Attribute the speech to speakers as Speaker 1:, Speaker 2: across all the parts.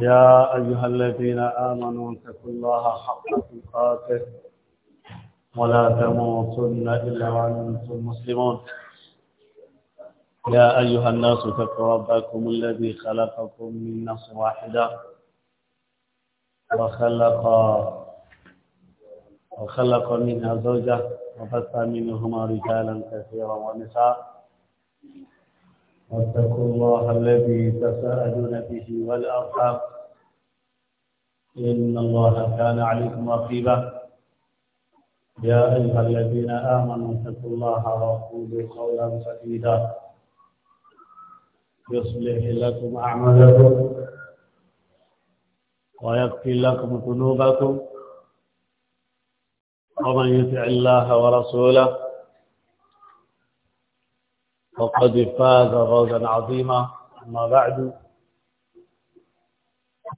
Speaker 1: يا أيها الذين آمنوا اتقوا الله حق تقاته ولا تموتن إلا وأنتم مسلمون يا أيها الناس اتقوا ربكم الذي خلقكم من نفس واحدة وخلق وخلق منها زوجة وبث منهما رجالا كثيرا ونساء واتقوا الله الذي تساءلون به والأرحام إن الله كان عليكم رقيبا يا أيها الذين آمنوا اتقوا الله وقولوا قولا سديدا يصلح لكم أعمالكم ويغفر لكم ذنوبكم ومن يطع الله ورسوله وقد فاز فوزا عظيما أما بعد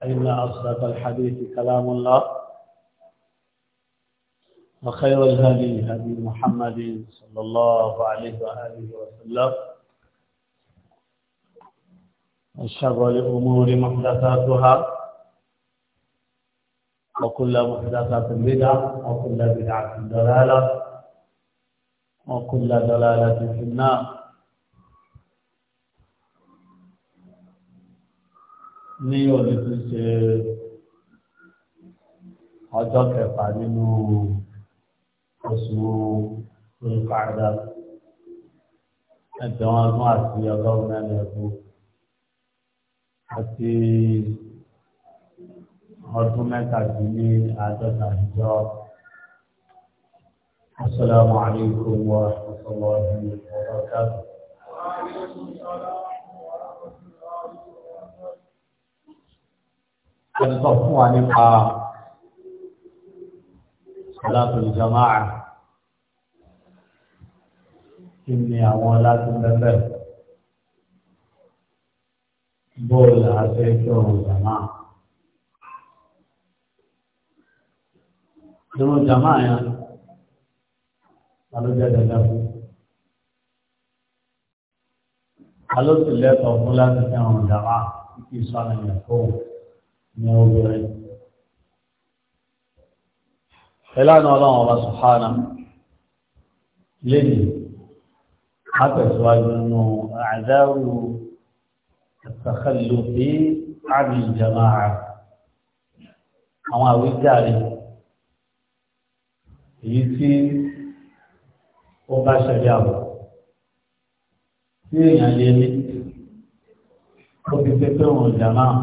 Speaker 1: فإن أصدق الحديث كلام الله وخير الهدي هدي محمد صلى الله عليه وآله وسلم وشر الأمور محدثاتها وكل محدثات بدعة وكل بدعة ضلالة وكل ضلالة في النار ní ọdún tó ṣe ọjọ́ kẹfà nínú oṣù olùkàdá ẹgbẹ̀rún ọdún àti ọgọ́rùn-ún mẹ́rin ọdún àti ọdún mẹ́tàdínní àádọ́ta ìjọ. السلام عليكم
Speaker 2: ورحمة الله وبركاته. وعليكم
Speaker 1: wọ́n sọ fún wa nípa salatul jama'a kí ni àwọn láti bẹ́ẹ̀ bóòlù àti ẹjọ́ jama'a. Ìrun jama'a yẹn alójẹ́ dandan fún. Alóṣèlú ẹ̀kọ́ fún láti fẹ́ràn jama'a kí sọ́nà yẹn kó ní obìnrin ìlànà ọlọ́run ọba sùhánà lẹ́yìn àtẹ̀síwájú nù àdáwù àtàkàlùfẹ́ àmì ìjàmáà àwọn àwíjàre èyí tí ó bá ṣẹlẹ̀ àbọ̀ tí èèyàn lè ní ó fi pépé wọn jàmáà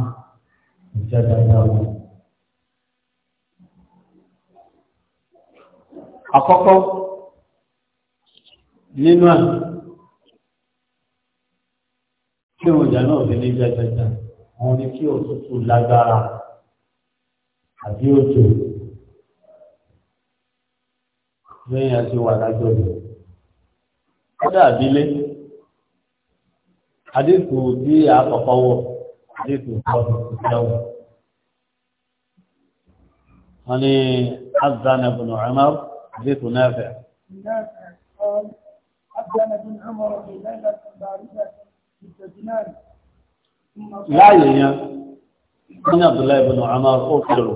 Speaker 1: ìjà dáadáa wọn. Àkọ́kọ́ nínú à kí òjà náà fi ní jẹjẹjẹ àwọn ni kí òtútù lágbára àbí òjò lẹ́yìn àti wà lájọ́ rẹ̀. Ó dàbí lé, àdínkù bí àkọ́kọ́ wọ̀ àdéhùn ọ̀dọ̀ ìdáwó. wọ́n ní azan ibn umar àdéhùn náà fẹ́.
Speaker 3: أذن ابن عمر في ليلة باردة في الجنان láàyè yẹn
Speaker 1: ní Abdullahi ibn Umar ó kẹrò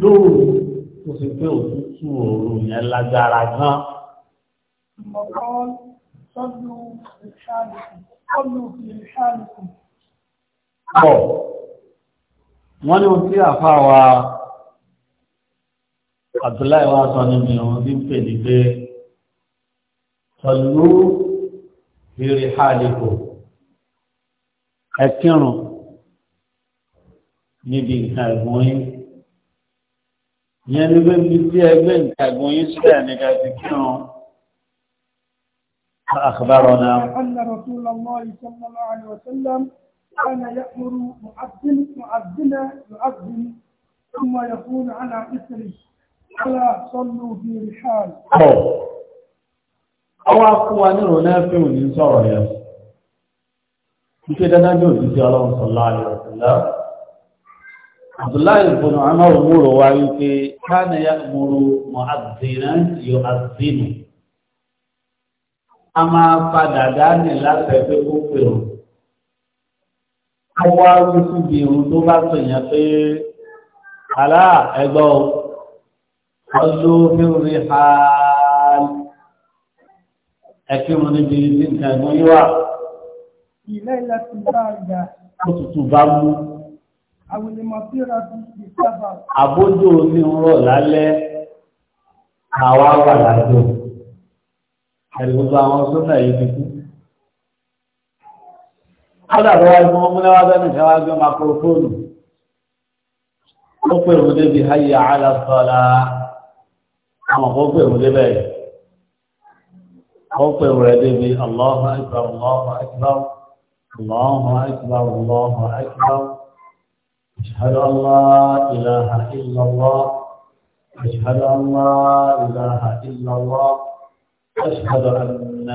Speaker 1: lóòrù tó sì pé òtútù òòrù yẹn lágbára gan.
Speaker 3: mọ̀kọ́ sọ́dún ìṣàlùkù
Speaker 1: pọ̀ wọ́n ní ohun tí àfa wa Abdullahi wa sọ níbi ohun tí ń pè ní pé pẹ̀lú ìrì hàlìkò ẹ̀kírun níbi nǹkan ẹ̀gbọ́n yín ìyẹn ní pé tí ẹgbẹ́ nǹkan ẹ̀gbọ́n yín sílẹ̀ nígbà tí kírun. أخبرنا
Speaker 3: أن رسول الله صلى الله عليه وسلم كان يأمر مؤذن مؤذنا يؤذن ثم يقول على إثره ألا صلوا في رحال
Speaker 1: àwọn akúwaní rò náà fi òní sọ̀rọ̀ yẹn ṣe dandan ní òjijì ọlọ́run sọ̀lá àlẹ́sọ̀lá abdullahi ibùn amar múrò wá wípé káàní ya múrò mọ àdínà yóò wá wí síbi ìrùn tó bá sèyàn pé àlá ẹgbọ́ ọdún fíwúrí ha ẹkírun níbi tí nǹkan ẹ̀gbọ́n yìí wà. ilé ilẹ̀ ti
Speaker 3: bá àgbà. ó tutù bá mú. àwìlè mọ̀ sí ra ti fi sábà.
Speaker 1: àbójú omi ń rọ̀ lálẹ́ àwa wà lájọ. àìgbogbo àwọn sọ́nà yìí ti kú kọ́dà tó wáyé fún ọmọlẹ́wà bẹ́ẹ̀ nìkan wá gbé makrofóònù ó pè wọ́n débi hayya ala sọ́la àwọn kò pè wọ́n débẹ̀ ó pè wọ́n débi Allahu akbar Allahu akbar Allahu akbar Allahu akbar ashhadu an la ilaha illa Allah ashhadu Allah ashhadu anna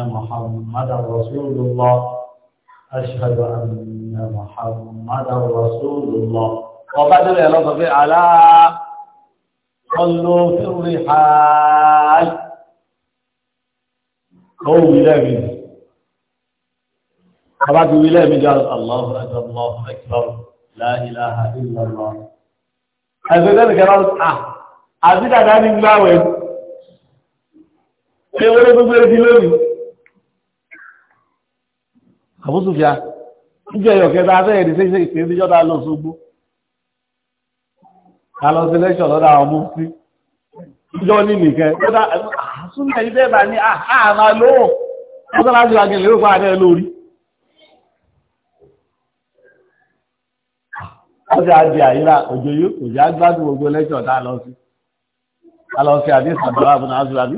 Speaker 1: أشهد أن محمد رسول الله وبعد يا لطف على صلوا في الرحال هو بلاد طبعا بلاد قال الله أكبر الله أكبر لا إله إلا الله هذا ذلك قال آه عزيز أنا من ماوي Ewo ló àbúsùfíà níjọ ìyọ̀ kẹta abẹ́rẹ́ ìdí sẹ́yìn sẹ́yìn sẹ́yìn níjọ́ lọ sógbó ta lọ sí lẹ́ṣọ̀ lọ́dọ̀ àwọn ọmọ sí níjọ́ ní nìkẹ́ kódà àsúnmọ̀ yìí bẹ́ẹ̀ bá ní àhàmà ah, lóhùn wọ́n sọ láti wàgẹ̀ lérò fún adé lórí. wọ́n ti àdì àyíra òjò yóò kò já gbogbo lẹ́ṣọ̀ tá lọ sí ta lọ sí àdé sàdúrà àbúnà àzúrà bí.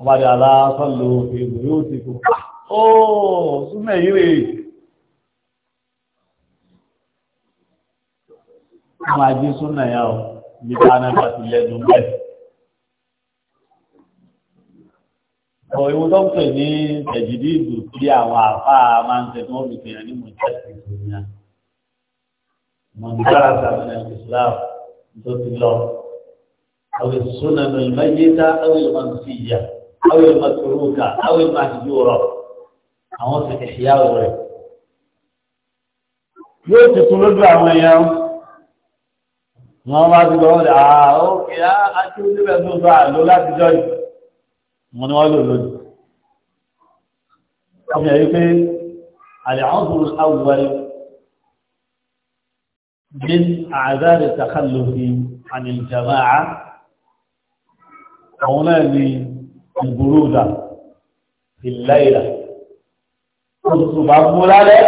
Speaker 1: ọba dàda sọ́lù ìb ó ti kò ó súnmẹ̀ yìí rèé máa jí súnmẹ̀ yà ó bí káná bá ti lẹ́nu bẹ́ẹ̀. ọ̀ ìwọ tó ń pè ní tẹ̀jìdì ìlú tí àwọn àfá máa ń tẹ̀tún ọ̀rùn ìpìyàn ní mọ̀jẹ́sì ìgbòmìnà mọ̀jára sàmìnà Islam tó ti lọ àwọn ìsúná lọ́lẹ́yẹ́dá àwọn ìmọ̀ sí أو المتروكة أو المهجورة àwọn ti ìṣìyà rẹ̀. Yóò ti tún lójú àwọn èèyàn wọn wá sí lọ́wọ́ rẹ̀ àárọ̀ kí á ájú níbẹ̀ tó bá lò láti jọ́ yìí. Wọ́n ni wọ́n lò lónìí. Wọ́n yẹ wípé àlẹ́ àwọn tó awùwárí ní àzáre takàlùfì ànìjàmáà. Àwọn náà ni ìgbòrúdà ìláìlà òṣùpá múra rẹ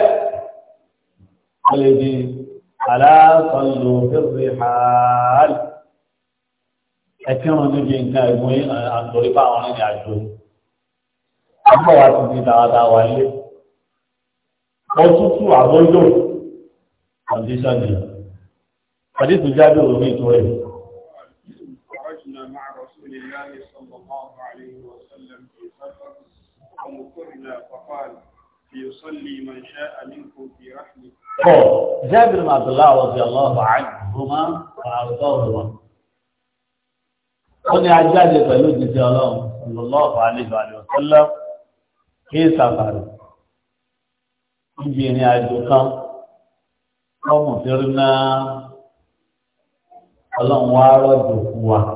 Speaker 1: ọlẹ́dì aláàtọ̀lù fẹ́fẹ́ ààrẹ ẹ̀kẹ́rùn níbi nǹkan ẹ̀gbọ́n àtọ̀rí bá àwọn ìrìn àjò ọgbọ̀ wa ti di dáadáa wà lé ọtútù àbọ́jọ́ kọ̀díṣọ́nì kọ̀díṣọ́nì jáde òní ìtúrẹ́
Speaker 2: الله صلى الله عليه وسلم في سفر ومقرنا فقال يصلي من شاء منكم في رحله
Speaker 1: جابر بن عبد الله رضي الله عنهما وارضاهما قل عجاج بلوج الله صلى الله عليه وسلم في سفر ìbìnrin àjò kan ọmọ fẹ́rẹ́ náà ọlọ́run wá rọ̀jò fún wa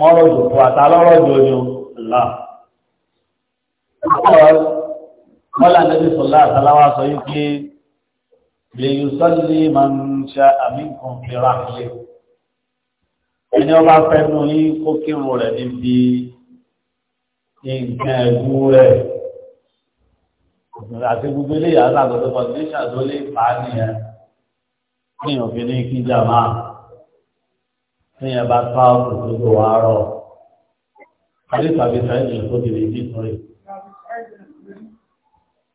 Speaker 1: wọ́n rọ̀jò fún àtàlọ́rọ̀ jò ní ọ̀la. wọ́n là nẹ́bí sọ̀lá àtàláwà sọ yí pé lè yù sọ́lé máa ń ṣe àmì nǹkan fi ra àlẹ́. ẹni ọba fẹ́nu yí kó kírun rẹ̀ níbi nǹkan ẹ̀gún rẹ̀. àti gbogbo eléyàá lágbàdo kọ́ndíṣà tó lè fà á nìyẹn. ní òfin ní kíjà máa ẹ̀yìn bá ká òkú tó wà rọ̀. Adé tàbí sáyẹ̀dì ló ti lè dì fún rẹ̀.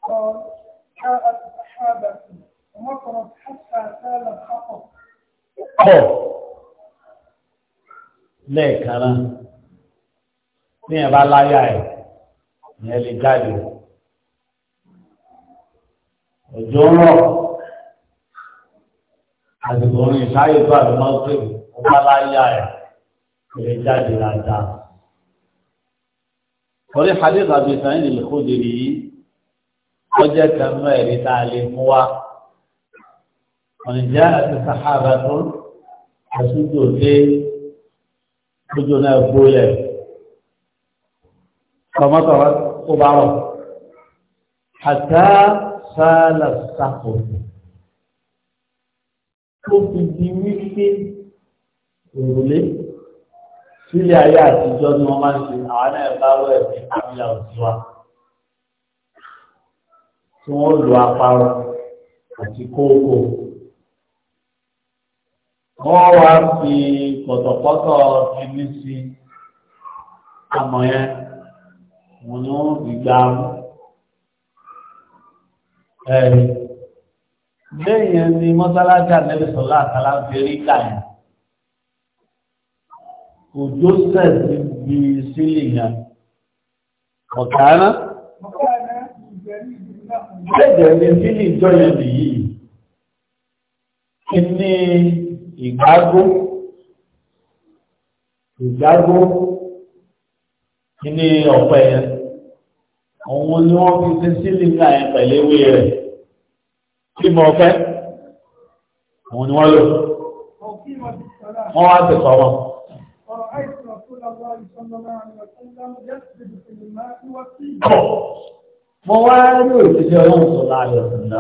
Speaker 1: Ọ̀ lẹ́ẹ̀kan náà, ní ẹ̀ bá láyà ẹ̀, ìyẹn lè jáde. Òjò ń rọ̀, àsìkò orin ìsáyè tó àdúmọ́ pè mí ọba láyà ẹ̀ lè jáde dáadáa. Torí Hadith Abi Sa'id al-Khudri yìí, ó jẹ́ kanú ẹ̀rí tá a lè mú wá. Ọ̀nìjẹ́ àti Sahaba tó àṣùjò dé lójú náà gbólẹ̀. Tọmọtọmọ ó bá rọ̀. Àtá sáálà sáfò. Ó fi di wípé òrùlé sílé ayé àtijọ́ ni wọ́n máa ń ṣe àwọn náà bá wẹ̀ ní àmìlà òṣùwà
Speaker 2: tí wọ́n lo apárọ̀ àti kóókò.
Speaker 1: Wọ́n wá fi pọ̀tọ̀pọ̀tọ̀ ẹni sí àmọ̀ yẹn, wọ́n ni wọ́n fi gbà mú. Ẹ̀rì, lẹ́yìn ẹni mọ́sálásí àtẹ́lẹsọ̀lá àtàlá fi rí kà yẹn òjò sẹ́ẹ̀sì bí sílì yẹn ọ̀kàánà ẹ̀jẹ̀ ní sílì ìjọyẹ̀ nìyí kí ní ìgbágó ìgbágó kí ní ọ̀pẹ yẹn òun ni wọ́n fi sí sílì náà yẹn pẹ̀lú rẹ̀ kí mọ̀ ọ̀fẹ́ òun ni wọ́n lò wọ́n wá ti sọ̀rọ̀.
Speaker 3: ورأيت رسول الله صلى الله عليه وسلم يسجد في الماء والطين
Speaker 1: mo wá ní òṣìṣẹ́ ọlọ́run tó láàyè ọ̀sìnà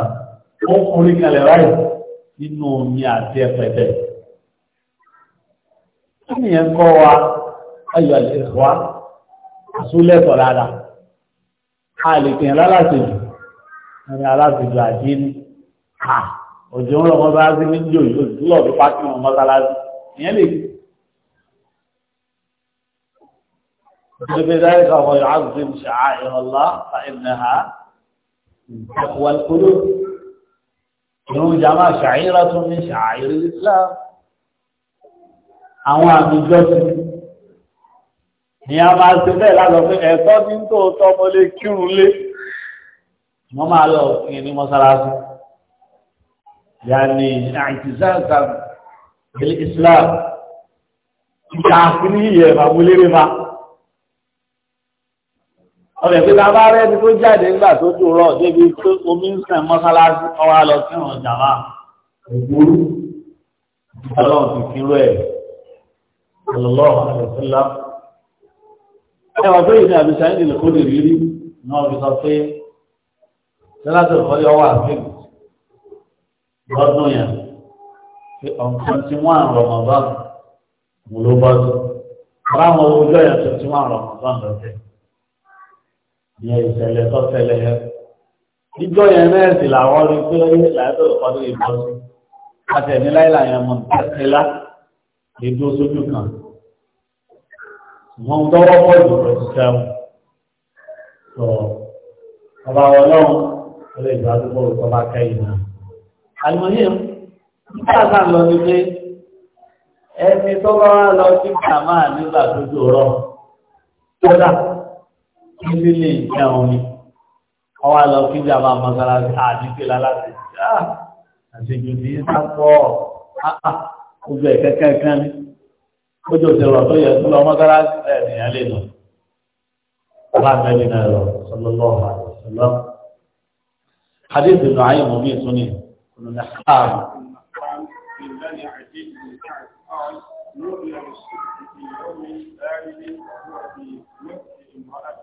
Speaker 1: ó ń forí kalẹ̀ ráì nínú omi àti ẹ̀pẹ̀tẹ̀. kíni yẹn kọ́ wa ayọ̀ àlẹ́kọ̀ọ́ àsúlẹ̀kọ̀ rárá a lè kìyàn lálàsejù ẹni aláṣejù àdínní à òjò ń rọ̀ mọ́ bá sí ní jòjò lọ́ọ̀dún pákí wọn mọ́sálásí ìyẹn lè بذلك هو يعظم شعائر الله فإنها تقوى القلوب ìrún jama شعيرة من شعائر الإسلام islam àwọn àmìjọ sí ni a máa ṣe bẹ́ẹ̀ lásọ̀ pé ẹ̀tọ́ ní tó tọ́mọ lé kírun lé wọ́n máa lọ fi ní mọ́sálásí ya ni àìtìsáàkà ilé islam ìta àfin yìí ẹ̀ máa mú máa ọmọ ìpín ta bá rẹ́ni tó jáde ńgbà tó dùn rọ̀ débi pé omi ń sàn mọ́sálásí ọwá lọ sí ìrìn ọjà wa ògbóró ọlọ́run ti fi rú ẹ̀ ọlọ́run àlùfẹ́lá. ẹ wà pé ìdí àbíṣà ń dìlẹ̀ kó lè rí rí náà fi sọ pé sẹ́lásì ìfọ́yọ́ wà fún lọ́dún yẹn pé ọ̀nkan tí wọ́n àrùn rọ̀mọ̀bá mo ló bọ́ sí. Báwọn ojú ẹ̀yà tuntun wà rọ̀mọ̀bá lọ́dún yẹn yẹ ìṣẹ̀lẹ̀ tó ṣẹlẹ̀ yẹn ìjọ yẹn náà sì làwọn rí pé láìpẹ́ ọdún ìbọn sí àtẹ̀níláìlà yẹn mọ̀ tẹ́tẹ́lá èdè oṣooṣù kan wọn ń dọ́wọ́ bọ́ ìdòwò ìṣiṣẹ́ wọn sọ ọba ọlọ́run ọlọ́ ìgbà tó bọ́ ìtọ́ bá kẹ́yìn náà àlùmọ́yìn nígbà náà lọ ní pé ẹni tó bá wá lọ sí kàmáà nígbà tó dòrọ̀ tó dáa nílé lè jẹ́ omi ọwọ́ àlọ́ kí jàmbá mọ́sálásí àdípẹ́lá láti àṣejù ní sápọ̀ gbogbo ẹ̀ kẹ́kẹ́ kan ní kójú òṣèlú tó yẹ kó lọ mọ́sálásí ẹ̀nìyàn lè nù aláàbẹ̀lẹ̀ náà lọ sallallahu alaihi wasallam
Speaker 2: hadith ibn ayé mọ̀ mí tún ní kùnú ní ààrùn. نوبل في يوم بارد وهو في مكة امرأة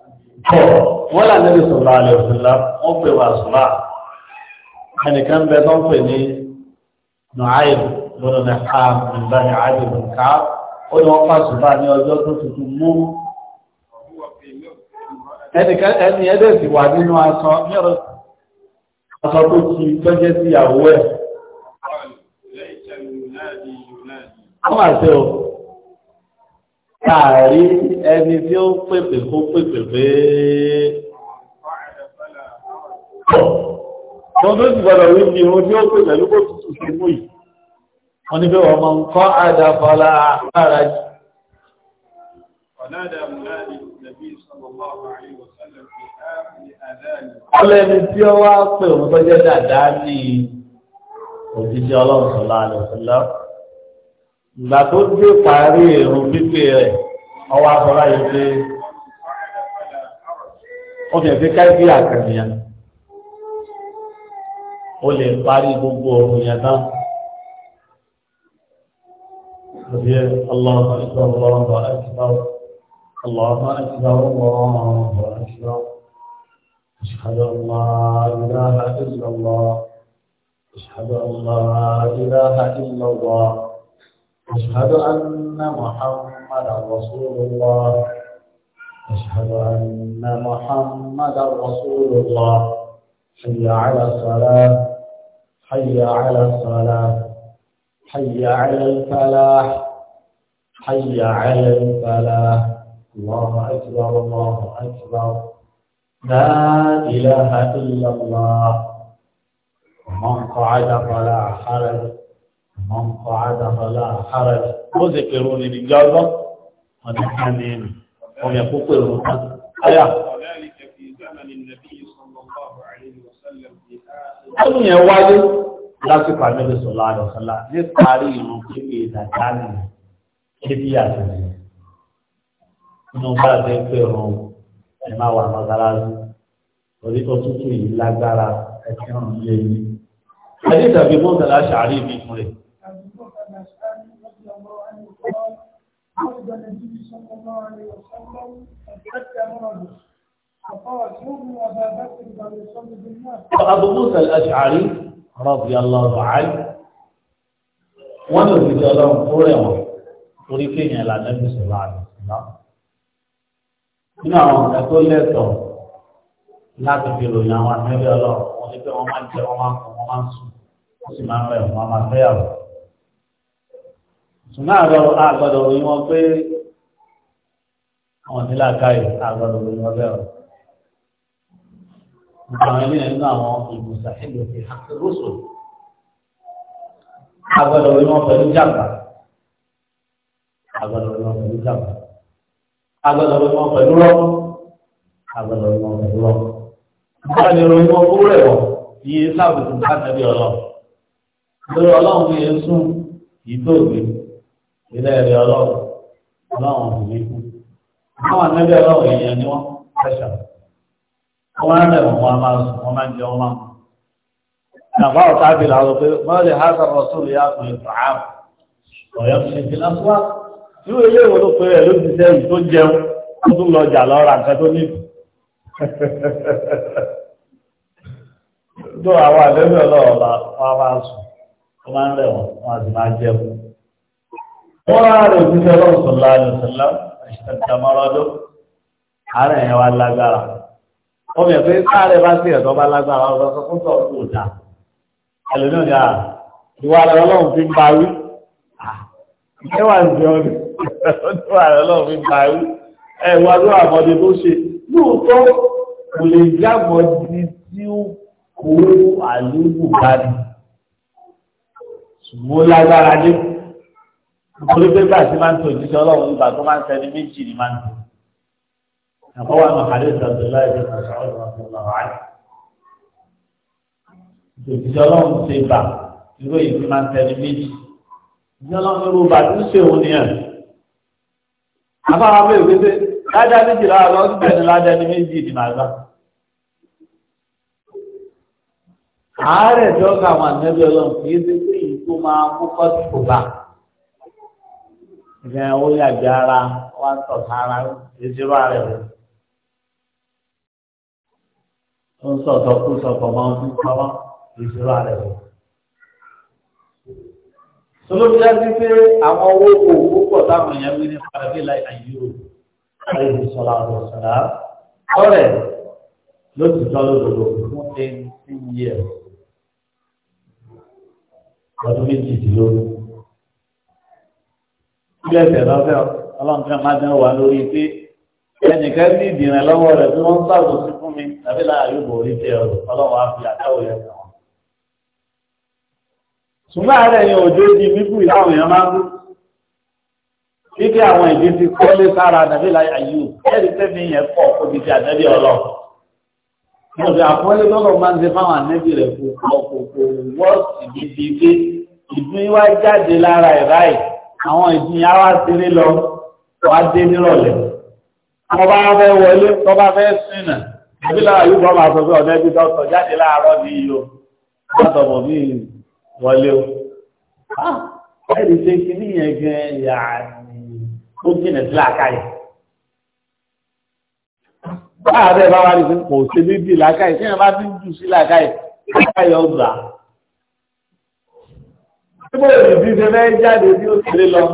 Speaker 1: tọ̀ wọ́n là níbi sọ̀rọ̀ àlẹ́ òṣèlá wọ́n pè wà sọ̀rọ̀ ẹnìkan bẹ tó ń pè ní nùháìm lọ́dọ̀ ní káàm nígbà ní àdìbò ká ó ní wọ́n fà sọ̀rọ̀ ní ọjọ́ tó tuntun mú ẹnìkan ẹni sì wà nínú aṣọ ní ọ̀rọ̀ aṣọ tó ti tọ́jẹ́ sí ìyàwó ẹ̀. Àwọn àṣẹ o, káàrí ẹni tí ó pèpè kó pèpè pé wọ́n tó ti gbọ́dọ̀ rí ní irun tí ó pè pẹ̀lú kó tutù sí mú yìí wọ́n ní pé wọ́n máa ń kọ́ àdàfàlà lára jù. ọlẹ́ni tí ó wá pè òun tó jẹ́ dàdá ní òjíṣẹ́ ọlọ́run sọ̀lá àlọ́sọ̀lá ìgbà tó dé parí ìrùn pípé rẹ̀ ọwọ́ afọlá yìí pé ó fi ẹ̀fẹ́ káìpé àkànìyàn ó lè parí gbogbo ọ̀rùn yẹn náà. الله أكبر الله أكبر الله أكبر الله أكبر أشهد أن
Speaker 2: لا إله إلا الله أشهد أن لا إله إلا الله
Speaker 1: أشهد أن محمدا رسول الله أشهد أن محمدا رسول الله حي على الصلاة حي على الصلاة حي على الفلاح حي على الفلاح
Speaker 2: الله أكبر الله أكبر
Speaker 1: لا إله إلا الله من قعد فلا حرج من àdàmọ́lá ara حرج. ó sì pèrò ní ìgbà ọgbọ́n ọdún kan ní ẹnu ọmọ ẹ̀kọ́ pèrò tán
Speaker 2: ayà. ọdún yẹn wáyé
Speaker 1: lásìkò àmì sọ̀lá àdọ̀sọ̀lá ní parí ìrùn kébì ìdàgbà nìyẹn kébì àtẹ̀yẹ inú bá ti ń pè rún ẹ má wà mọ́sálásí orí òtútù yìí lágbára ẹ ti lé yìí. ẹni tàbí mọ́tàlá ṣàárí ìbí fún rẹ̀.
Speaker 3: عرض النبي صلى الله عليه وسلم حتى مرضه فقال شوفوا ابا بكر قد يصلي
Speaker 1: بالناس وابو موسى الاشعري رضي الله عنه wọn lòdì tí Ọlọ́run tó rẹwọn torí kéèyàn lànà ìṣòro àdìsíná nínú àwọn ọ̀gá tó lẹ́tọ̀ọ́ láti fi ròyìn àwọn àmẹ́rẹ́ Ọlọ́run wọn ni pé wọ́n máa ń jẹ wọ́n máa ń sùn wọ́n sì máa ń rẹ̀ wọ́n máa fẹ́yàwó ṣùgbọ́n àgbọ̀dọ̀ òyìn wọn pé àwọn tí láàkáyì àgbọ̀dọ̀ òyìn wọn bẹ́ẹ̀ àwọn ilé nínú àwọn ìgbòsà ìlú ti hàkí rúṣù àgbọ̀dọ̀ òyìn wọn pẹ̀lú jàmbá àgbọ̀dọ̀ òyìn wọn pẹ̀lú jàmbá àgbọ̀dọ̀ òyìn wọn pẹ̀lú rọ́ àgbọ̀dọ̀ òyìn wọn pẹ̀lú rọ́ báwo ni òyìn wọn kúrẹ̀ wọ̀ iye sábùkù bá tẹ̀lé ọlọ́run lórí ọlọ́run yẹn sún ìdóògbé ilé ẹ̀rí ọlọ́run ọlọ́run òbí kú àwọn àtẹ́jọ́ ọlọ́run èèyàn ni wọ́n fẹ́ṣà wọ́n á bẹ̀rẹ̀ wọn máa sùn wọ́n máa ń jẹ wọn máa mú. nàbà ọ̀tá bí làwọn pé wọ́n lè hásà ọ̀yọ́ ṣe tí ó ilé pé ẹ̀ ló ti jẹun ó tún lọ jà lọ́ra nǹkan tó ní. àwọn ọlọ́run ọba wọn máa sùn wọ́n wọ́n rà rẹ̀ òjíṣẹ́ ọlọ́run sọ̀lá àlùsọ̀lá àṣìṣẹ́ta mọ́rọ́dọ́ àárẹ̀ yẹn wá lágbára ọmọ ẹ̀fẹ́ káàrẹ̀ bá sí ẹ̀tọ́ bá lágbára ọ̀rọ̀ sọ fún tọ̀ kò dà ẹlòmíràn ni àà ìwà rẹ̀ ọlọ́run fi ń parí ìkẹwà ń jẹun ní ìwà rẹ̀ ọlọ́run fi ń parí ẹ̀ wá ló àmọ́dé tó ṣe lóòótọ́ kò lè jábọ̀dí tí ó kó àlébù bá ní ṣùgbọ́n lágbára dé nítorí pé bá a ti máa ń tó ìjíṣẹ́ ọlọ́run nígbà tó máa ń sẹni méjì ni máa ń tó. ẹ̀kọ́ wa nù hàlẹ́ ìsàdùn láì fi kàn sọ́ọ́ ìwọ̀n lọ wáyé. ìjíṣẹ́ ọlọ́run ṣe bà irú èyí ti máa ń sẹni méjì. ìjíṣẹ́ ọlọ́run irú bà tó ṣe òun ni ẹ̀. afárá bẹ́ẹ̀ wípé ládàá méjì lára lọ bẹ́ẹ̀ ni ládàá ni méjì ni màá gbà. àárẹ̀ dọ́gba àwọn àmì ìgbà yẹn ó yàgbé ara wá ń tọ̀ sára ìṣirò ààrẹ rẹ̀. ó ń sọ̀tọ̀ kú sọ̀tọ̀ máa ń tún pamọ́ ìṣirò ààrẹ rẹ̀. Solóbíyá ti pé àwọn owó kò púpọ̀ táwọn èèyàn gbé ní Fàrẹ́bílà Àyúrò Àyúrò sọ̀rọ̀ àwọn sọ̀rọ̀ ọ̀rẹ́ ló ti tọ́ lódodo fún eighteen years ọdún méjìdínlógún bí ẹsẹ̀ lọ́fẹ́ ọlọ́run tí wọ́n máa dán wà lórí pé ẹnìkan ní ìdìrẹ̀ lọ́wọ́ rẹ̀ tí wọ́n ń sàbò sí fún mi tàbí láàyò bò orí tẹ ọ̀rọ̀ ọlọ́run á fi àtàwọ̀ yẹn kàn wọ́n. ṣùgbọ́n àárẹ̀ yẹn òjò di wípé ìdáhùn yẹn máa ń mú wípé àwọn ìdí ti kọ́lé sára tàbí láàyò ẹ̀rí tẹ́mi yẹn pọ̀ kó ti di àtẹ́bí ọlọ́run. mo fi àpọ́nlé lọ́lọ́ máa ń ṣe fáwọn ànẹ́bí rẹ̀ kò kò kò wọ́ọ̀sì àwọn ìjìyàn wá sílé lọ wá dé nírọ̀lẹ̀ wọ́n bá fẹ́ wọlé tó bá fẹ́ sínà àbí lára yóò bọ́ máa sọ pé ọ̀dẹ́ bí dọ́tọ̀ jáde láàárọ̀ ní iyo látọ̀bọ̀ bí wọlé o ah! ẹ̀rì ṣe kí ní yẹn gan yà ó jìnà sí làákàyè báà bẹ́ẹ̀ bá wà ní kò ṣe bíbí làákàyè tí wọ́n bá ti ń jù sí làákàyè làákàyè ọgbà Nígbà òní bí ṣe fẹ́ jáde bí ó ti lé lọ,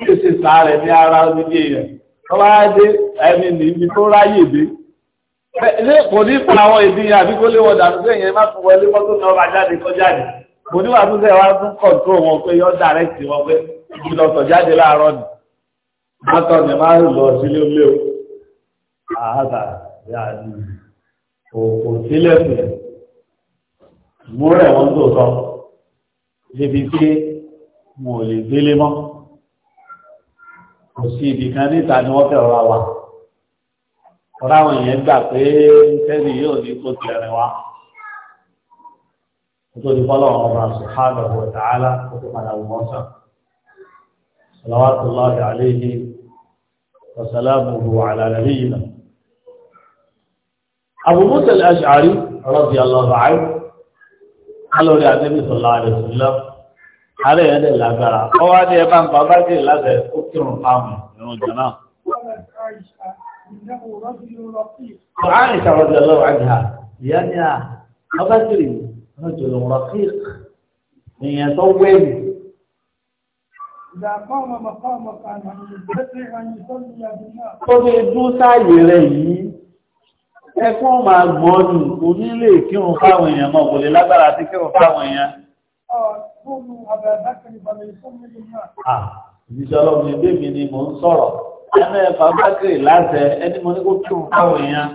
Speaker 1: kí o ṣe sàárẹ̀ ní ara onídìí èèyàn. Ọba dé ẹni níbi tó ráyè dé. Ilé kò ní pa àwọn ìdíyàn àbí kó lé wọn dànù sí ẹ̀yẹn má tún wọlé wọ́n tó ní ọba jáde kọ́ jáde. Kò ní wà tún sẹ́wà tún kọ̀ǹtró wọn pé yọ́ dàrẹ́kì wọn pé ìgbìlọ̀tọ̀ jáde láàárọ̀ ni.
Speaker 2: Mọ́tọ̀ ni máa ń lọ
Speaker 1: sílé olé o. Àhàtà yà ni kò sílẹ̀ fún ẹ̀. Múrẹ̀ wọn tó sọ débi pé wọn ò lè délé mọ́ kò sí ibì kan níta ni wọ́n fẹ́ rọra wa rọra àwọn èèyàn gbà pé sẹ́ni yóò ní kó ti rìn wá kó tó di fọ́lọ́ ọ̀rọ̀ àṣùhánà wọ̀ tààlà kó tó padà wọ́n sàn. صلوات الله عليه وسلامه على نبينا أبو موسى الأشعري رضي الله عنه alórí àdébí sọ̀lá rẹ̀ sílẹ̀ ààrẹ yẹn lè lágbára ọ wá ní ẹbá ń pa bá dé lábẹ́ ó kírun fáwọn ìrún jọ náà.
Speaker 3: Kùránì ṣàròjọ lọ́wọ́ àjà
Speaker 1: ìyá ni à ọba kiri ọ̀nà jòlò rọ̀kì ìyẹn tó wéyìí.
Speaker 3: Tóbi dúsáyè
Speaker 1: rẹ̀ yìí ẹkún máa gbọ́n nù kò ní lè kí òun fáwọn èèyàn mọ̀ kò lè lágbára àti kí òun fáwọn èèyàn. ìbísọ̀rọ̀ mi ni mò ń sọ̀rọ̀ ẹ̀mẹ́ ẹ̀fà bákìrì láṣẹ ẹni mo ní kó kí òun fáwọn èèyàn.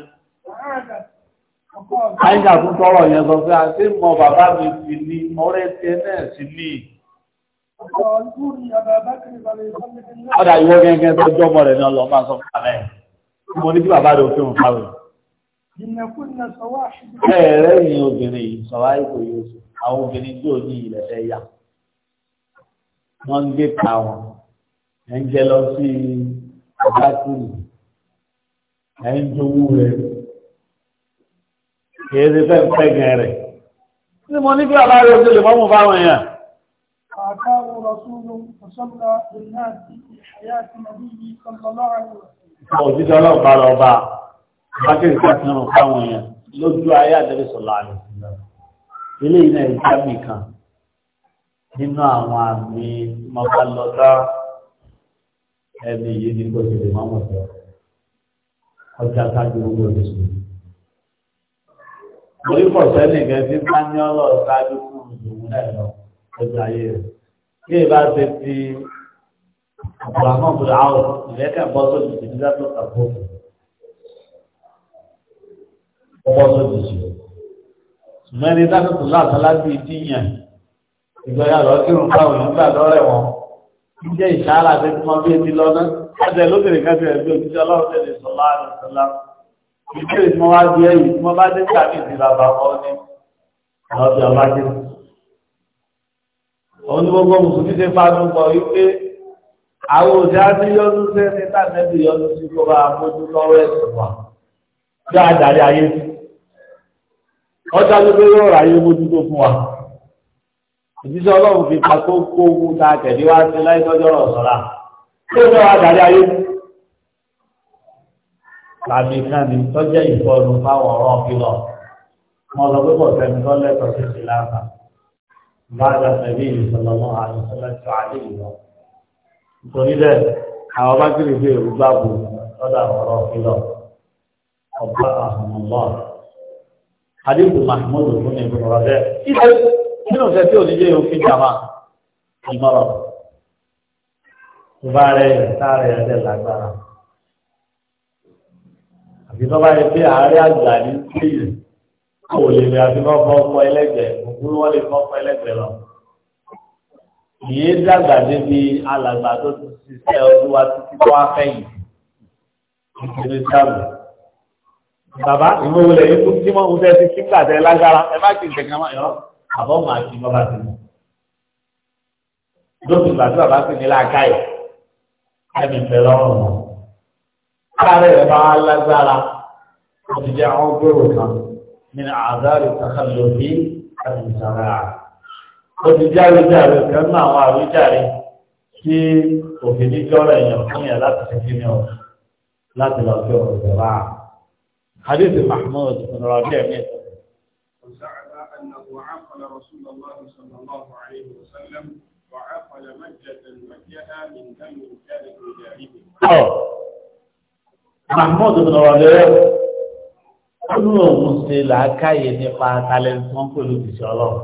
Speaker 1: àyíká tún tọrọ yẹn sọ pé àti mọ bàbá mi fi ní ọ̀rẹ́ tiẹ̀ náà sí ní.
Speaker 3: ọ̀dà ìwọ gẹ́gẹ́ tó
Speaker 1: jọ́mọ rẹ̀ náà lọ́ọ́ sọ fún àmẹ́ mo ní kí bàbá rẹ̀ òfin òun fáwọn èèyàn
Speaker 3: ẹ̀rẹ́
Speaker 1: ìyìn obìnrin yìí sọ̀rọ̀ àìkò yóò sọ àwọn obìnrin tí ò ní ilẹ̀ fẹ́ yà wọ́n ń gé ta wọn ẹ̀ ń jẹ lọ sí ọ̀gá kùnú ẹ̀ ń jowú rẹ̀ kìí ṣe fẹ́ fẹ́ gan rẹ̀ ní mo ní bí aláàrẹ oṣù lè mọ́mú fáwọn èèyàn.
Speaker 3: Àkáwọ̀ Rasúlù Ọ̀ṣọ́lá Ìnáàtì Ìṣàyà àti Nàbíyí Sọ̀tọ̀lọ́ àrùn.
Speaker 1: Òjíṣẹ́ ọlọ́ọ̀bá lọ bá a bákẹ́rì káàkiri náà fáwọn èèyàn lójú ayé àdẹ́rẹ́ sọ̀lá rẹ̀ ilé iná ìjámì kan nínú àwọn àmì mọ́kànlọ́dá ẹni yìí ní kò tètè máa mọ̀ sọ ọjà sáájú gbogbo oṣù orí pọ̀ sẹ́nì kan tí bá ní ọlọ́ sáájú fún ìdòwú náà lọ ọjà ayé rẹ̀ bí ìbá ṣe ti àbúrò àmọ́ bùrọ̀ àwọn ìrẹ́kẹ̀ bọ́ sódì ìdílé tó tàbí ọwọ́ tó ti ṣe ṣùgbọ́n ẹni dákòtò láàtọ́ láti ìdí yàn ìgbà yà lọ kírun káwọn èèyàn gbà lọ́rẹ̀ wọn ń jẹ́ ìṣáàlà tó ti mọ bí ẹni lọ́nà kájẹ lóbìnrin kájẹ ẹgbẹ́ òṣìṣẹ́ ọlọ́run tẹ̀lé sọlá àdìsọlá ìbéèrè tí wọ́n wá bí ẹ̀yìn tí wọ́n bá dé tàbí ìdílé àbáwọ́ ní ọ̀dọ̀ ọlájẹ́ òun ni gbogbo mùsùlùmí ṣe fanu kọ wípé àwọn òṣìṣẹ́ àti sẹ́ni tàbí yọdú sí ọjà gbogbo yóò rà ayé mójútó fún wa òjíṣẹ́ ọlọ́run fi pa tó kó owó ta tẹ̀lé wá sí láì tọ́jọ́ rọ̀ sọ́ra tó fẹ́ wá dàrí ayé tàbí kan ní tọ́jẹ́ ìfọ̀nù fáwọn ọ̀rọ̀ fi wọn lọ pé bọ̀sẹ̀ ní tọ́lẹ̀ tọ́sí sí láǹfà bá a dàtẹ̀ bí ìsọlọ́mọ àlùsọ́lẹ̀ tó àlè ìlọ nítorí bẹ́ẹ̀ àwọn bá kiri fi èrú gbàgbó lọ́dọ̀ àwọn ọ̀rọ̀ fi lọ àdéhùn mahmoud fún ìgbìmọ̀ rẹ̀ bẹ́ẹ̀. ìṣe nínú ìṣe tí òní jẹ́ òfin jàmá ìmọ̀ràn ìbá rẹ̀ ìta rẹ̀ ẹ̀dẹ̀ lágbára. àfi tó bá yẹ pé àárẹ̀ àgbà ní kéèyàn kò lè rẹ̀ àfi kọ́ fọ́ ọkọ ẹlẹ́gbẹ̀ẹ́ òkúrú wọn lè fọ́ ọkọ ẹlẹ́gbẹ̀ẹ́ lọ. ìyé dàgbà débi alàgbà tó ti ṣiṣẹ́ ọdún wa títí tó wá fẹ̀yìn. ìṣèlú sábà bàbá ìwé olè yìí fún tímọ̀ ń fẹ́ fi sígbà tẹ lágbára ẹ má ti gbẹ̀gàn máa yọ àbọ̀ máa ti bọ́ bá ti mú. lókè ìgbà tí bàbá sì ní láàkáyọ̀ ẹ̀mí fẹ́ lọ́rùn wọn. káàárẹ̀ rẹ̀ bá lágbára ó ti jẹ́ àwọn gbòòrò kan nínú àdáàrí kàkàlò bí àti ìsàrà. ó ti jẹ́ àwíjàre kan náà àwọn àwíjàre tí òfin ní jọ́rọ̀ èèyàn fún yẹn láti ṣe kí ni ọ̀ láti lọ sí ọ̀rọ̀ حديث محمود بن رافع وزعم أنه عقل رسول الله صلى الله عليه وسلم وعقل مجة مجة من دم كان في Mahmoud bin Rabi'a ó ní òun ṣe làákàyè nípa talent wọn pẹ̀lú ìṣẹ́ ọlọ́run.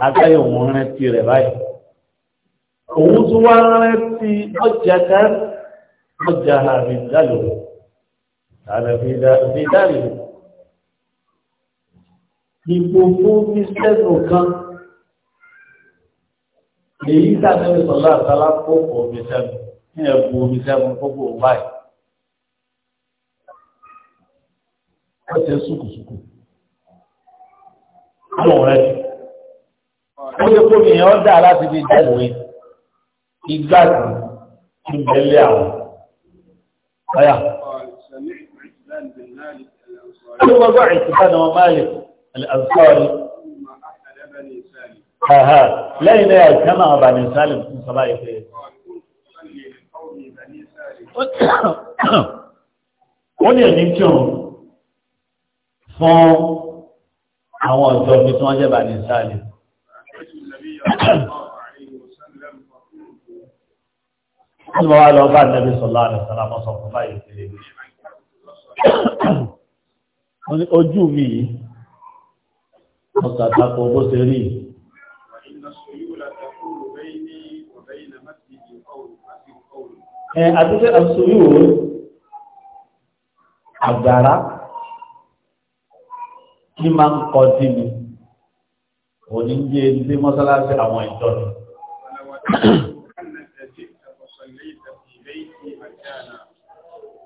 Speaker 1: Làákàyè òun rántí rẹ̀ báyìí. Òun tún wá rántí ọjà kan, ọjà àbí ìdálòwò. هذا في في ذلك ipò fún kírísítẹ́nù kan èyí tàbí sọ̀lá àtàlá pọ̀pọ̀ omi sẹ́nu ní ẹ̀bù omi sẹ́nu pọ̀pọ̀ báyìí
Speaker 2: wọ́n ti ṣùkùṣùkù àwọn ọ̀rẹ́ ó yẹ kó nìyẹn ọ́ dà láti fi dẹ̀wé
Speaker 1: igbá tí ń bẹ̀lẹ̀ àwọn ọ̀yà. أبو وضع سبحان ومالك الأنصاري ها ها لا إلا كما بني سالم من صبايا فيه wọ́n ní ẹ̀ní tí òun fún àwọn ọ̀dọ́ bí tí wọ́n jẹ́ bà ní sáàlì. Wọ́n
Speaker 2: ni wọ́n wá lọ bá nẹ́bí sọ̀lá
Speaker 1: àrẹ̀sára mọ́sọ̀ wọ́n ní ojú mi yìí ọ̀sà tako bó ṣe rí ẹ̀ àtúnṣe àṣòyí wo àgbàrá kí máa ń kọ dí mi òní jẹ́ ilé mọ́sálásí àwọn ìjọ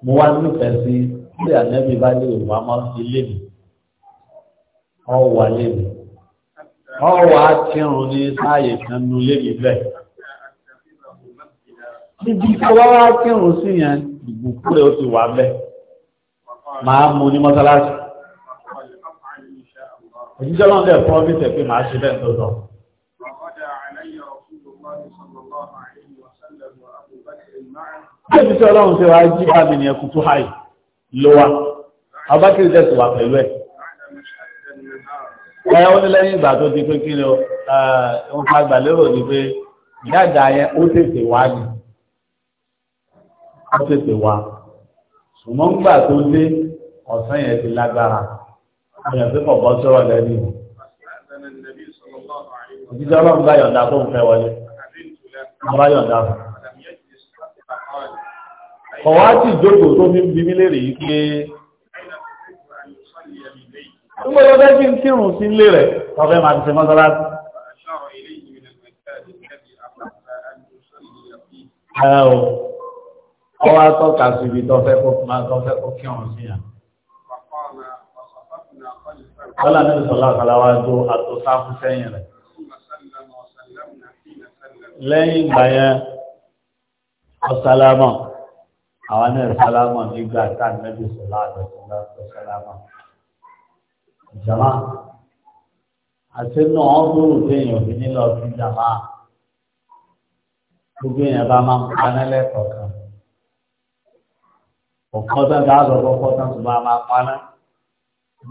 Speaker 1: mo wá nífẹ̀ẹ́ sí bí ànábì bá lè wà máa fi lé mi ọwà lé mi ọwà kírun ní sáàyè kan nu lé mi bẹ́ẹ̀. níbi ìfọwọ́ wá kírun sí yẹn ìbùkún rẹ̀ ó ti wà bẹ́ẹ̀ máa mú ní mọ́sálásí. òjíṣẹ́ náà dẹ̀ fọ́ bí tẹ̀ pé ṣe bẹ́ẹ̀ tó lọ. Bí ẹ̀mí tí ọlọ́run ṣe wá jí bá mi ní ẹkùn tó háyìí ló wá abákiri tẹ̀sí wà pẹ̀lú ẹ̀. ẹ ó ní lẹ́yìn ìgbà tó ti pé kí ni ó ń fa gbàlérò ni pé dáadáa yẹn ó tètè wá ni ó tètè wá ṣùgbọ́n gbà tó dé ọ̀sán yẹn ti lágbára ọ̀yàn pé kò sọ̀rọ̀ lẹ́nu. òjijì ọlọ́run bá yọ̀ǹda fóun fẹ́ wọlé. ọba fún un
Speaker 2: ọ̀wá tí ìjókòó
Speaker 1: tó fi ń bí mílé rèé pé nígbà tó fẹ́ kí n kírun sí ilé rẹ̀ ọ̀fẹ́ máa ti ṣe mọ́sálásí. ọwọ́ atọ́ka sí ibi tó fẹ́ kó máa tó fẹ́ kó sí yàn.
Speaker 2: Ọlá ní ìsọ̀lá àkàláwá tó
Speaker 1: àtòsáfún sẹ́yìn rẹ̀. Lẹ́yìn ìgbà yẹn, ọ̀sálámọ̀ àwọn náà sálámà nígbà tá a nẹ́bí sọ̀lá àdọ̀sọ̀lá tó sálámà. Jàmá àti nù ọ́dúnrún téèyàn òfin nílò ọdún jàmá gbogbo èèyàn bá máa ń paná lẹ́kọ̀ọ̀kan. Ọ̀kan tó ń bá lọ lọ́kọ́ tó ń tún bá máa paná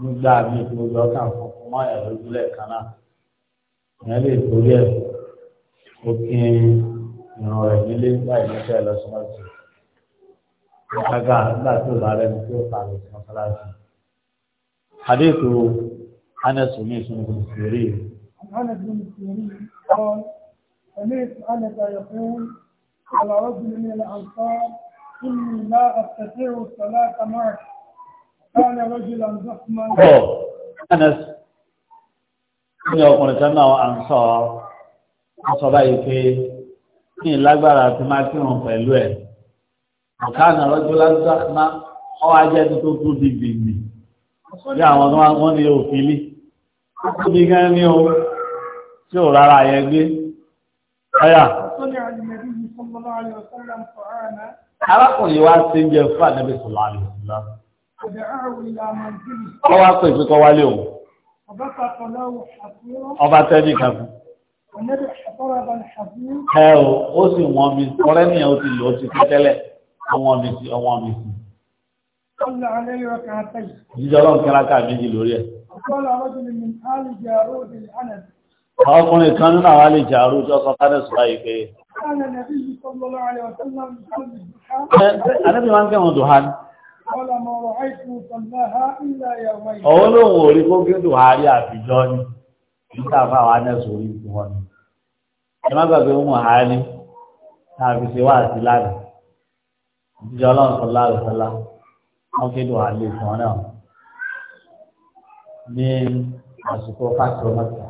Speaker 1: nígbà míì tó yọ ọ́kà fún mọ́ ẹ̀ lójú lẹ́ẹ̀kan náà. Ìyẹn lè torí ẹ̀ òkè ìrànwọ́ ẹ̀ nílé láì ní fẹ́ gbàgbà nígbà tí ó bá rẹ ní tí ó ta lọ sí mọ́sálásí. Anas
Speaker 2: ní ìsúnú kò sí
Speaker 3: Anas ní ìsúnú kò سمعت أنس يقول على رجل من الأنصار إني لا أستطيع الصلاة معك كان رجلا ضخما أنس
Speaker 1: ní ọkùnrin kan náà à ń sọ ọ sọ báyìí pé ní ìlágbára àti mákìrún pẹ̀lú ẹ̀ ọ̀kánà lọ́jọ́ lásàmá ọwọ́ ajé ẹni tó kú di gbìngbì ní àwọn tó wọ́n ní òfìlí tó bí gán ní o tí ò rárá yẹn gbé ọyà.
Speaker 3: arákùnrin wa ti
Speaker 1: ń jẹ fún ànábì sọlá àlè ìsìlá. ọwọ́ àpò ìfikọ́ wálé òun.
Speaker 3: ọba tẹ́lẹ̀ kan fún. ẹ o
Speaker 1: ó sì wọ́n mi ọ̀rẹ́ nìyẹn ó ti lò ó ti tẹ́tẹ́lẹ̀ ọwọ́n mi sí ọwọ́n mi sí.
Speaker 3: Jíjọ lọ́n kẹ́lá káà méjì
Speaker 1: lórí ẹ̀. Ọkùnrin kan nínú àwọn alèjì àrùn jọ sọ Tánẹ̀ sọ báyìí pé.
Speaker 3: Àdébí máa ń kẹ́wọ̀n dùn hàn. Ọwọ́ lóhun ò
Speaker 1: rí kó kí dùn hàn rí àfijọ́ ni. Nígbà fún àwọn anẹ́sùn orí fún wọn. Ẹ má gbàgbé ohun àárín. Tàbí ṣe wá àti lánàá jíjọ ọlọ́run sọlá àlùsọlá wọ́n fi dùn àlè fún ọ náà ní àsìkò fásitì mọ́tò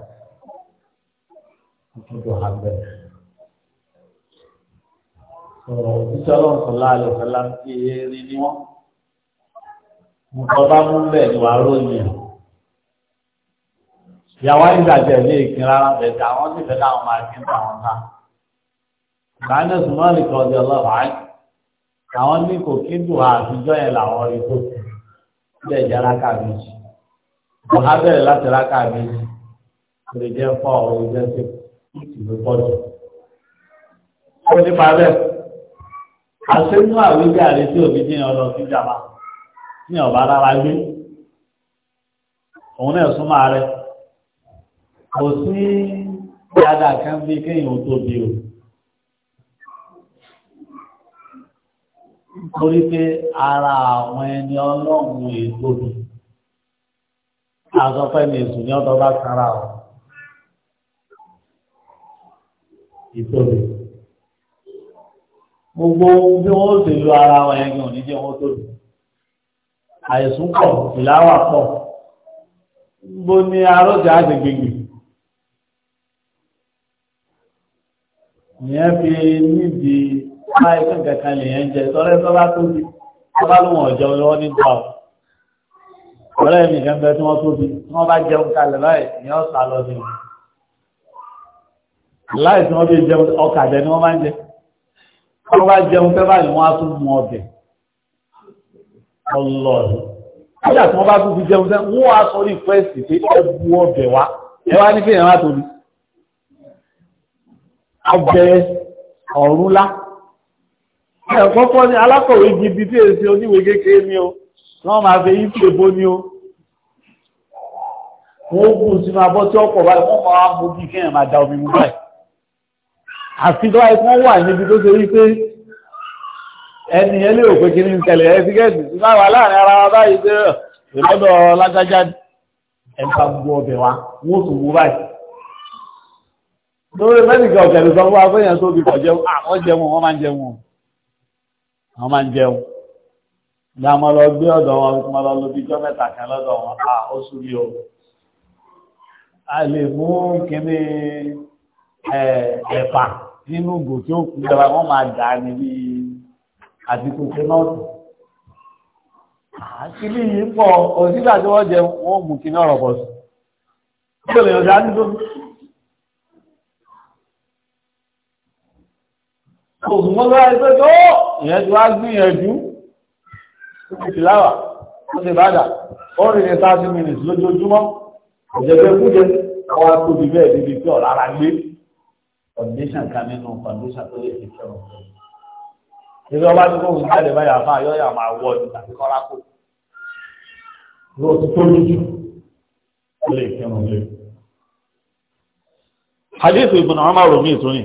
Speaker 1: wọ́n fi dùn àgbẹ̀. jíjọ ọlọ́run sọlá àlùsọlá ti rí ní wọ́n nǹkan bá mú bẹ́ẹ̀ ni wàá ròyìn ìyàwó ìgbàjẹ́ ní ìkin rárá bẹ́ẹ̀ tí àwọn sì fẹ́ láwọn máa kí ń tàwọn ká. Ìgbà náà sùnmọ́ nìkan ọjọ́ ọlọ́run àìsàn àwọn ní kò kí dùn àtijọ́ yẹn làwọn rí tó bẹ́ẹ̀ jẹ́ rákà méjì wọ́n á bẹ̀rẹ̀ láti rákà méjì kò lè jẹ́ fọ́ ọ̀rọ̀ ìjẹ́ sí ìlú pọ́jù. ó nípa bẹ́ẹ̀ àṣẹ́nú àwíjẹ́ àrẹ tí òbí dín ọlọ sí jàmá ní ọ̀bá rárá gbé òun náà súnmọ́ rẹ̀ kò sí dáadáa kan bí kéèyàn tó bí o. torí pé ara àwọn ẹni ọlọ́run ègbòdì àsọpẹ́ ní èsù ní ọ̀dọ́ bá kára ọ̀ ìtòlè gbogbo bí wọ́n ṣe lo ara wọn yẹn gan ní jẹ́ wọ́n tóbi àìsùn pọ̀ ìláwà pọ̀ gbogbo ní arọ́jà àgbègbè ìyẹn fi nídìí máa ikú nǹkankan lèyàn jẹ sọ́rẹ́ sọ́lá tóbi sọ́lá ló wọ̀n jẹun lọ́wọ́ ní gbà ọ́ ọ̀rẹ́ mi kan bẹ tí wọ́n tóbi tí wọ́n bá jẹun kalẹ̀ láì ní ọ̀sà lọ sí wọn láì tí wọ́n bí jẹun ọkà jẹ ni wọ́n máa ń jẹ tí wọ́n bá jẹun fẹ́ báyìí wọ́n á tún mú ọbẹ̀ ọlọ́ọ̀dún nígbà tí wọ́n bá tún fi jẹun sẹ́ wọ́n á sọ ní fẹ́ẹ̀sì pé ẹ bu ọbẹ̀ wá ẹ wá ní fẹ́ẹ̀rẹ̀ wá tóbi ọbẹ̀ ọ̀rúnlá ẹ̀kọ́kọ́ ní alákọ̀wé gidi tí èsì oníwèé kékeré ní o wọ́n máa fi yín pèbó ní o wọ́n kù sínú abọ́ tí ọkọ̀ báyìí wọ́n máa mú bí kẹ́yìn máa da omi mú báyìí àti tó báyìí wọ́n wà níbi tó ṣe wípé ẹni yẹn lè rò pé kí ni ń tẹ̀lé ẹ tíkẹ́ẹ̀tì tí máa wà láàrin ara wa báyìí pé ìlọ́dọ̀ lágájá ẹ̀ka gbogbo ọbẹ̀ wa wọ́n tún mú báyìí lórí mẹ́tìkà ọ̀kẹ́lẹ̀ sọ fún wa pé yẹn tó bí kọ̀ jẹun àwọn ah, àwọn máa ń jẹun ìgbà mo lọ gbé ọ̀dọ̀ wọn mo lọ lo bíjọ́ mẹ́ta kan lọ́dọ̀ wọn à ó sùn mí o a lè mú kíní ẹ̀fà nínú ìgò tí ó kú ìjọba wọn máa dà á níbi àti kòkó náà tó àkíní yìí pọ̀ òsínà tí wọ́n jẹun wọ́n mú kíní ọ̀rọ̀ pọ̀ sí. ó òògùn wọn bá ẹgbẹ́ tó ìyẹn ti wá gbìyànjú ìfìláwà ó ti bàdà ó rìn ní thirty minutes lójoojúmọ́ ìjẹ̀bẹ̀ kújẹ ọwọ́ tóbi bẹ́ẹ̀ níbi tí ọ̀rá ara gbé foundation kan nínú foundation tó lè fi kẹrùn ìgbé ọba tó kóhùn jáde báyà fún ayọ́yà máa wọ ọdún tàbí kọ́lá kò ló ti tó lójú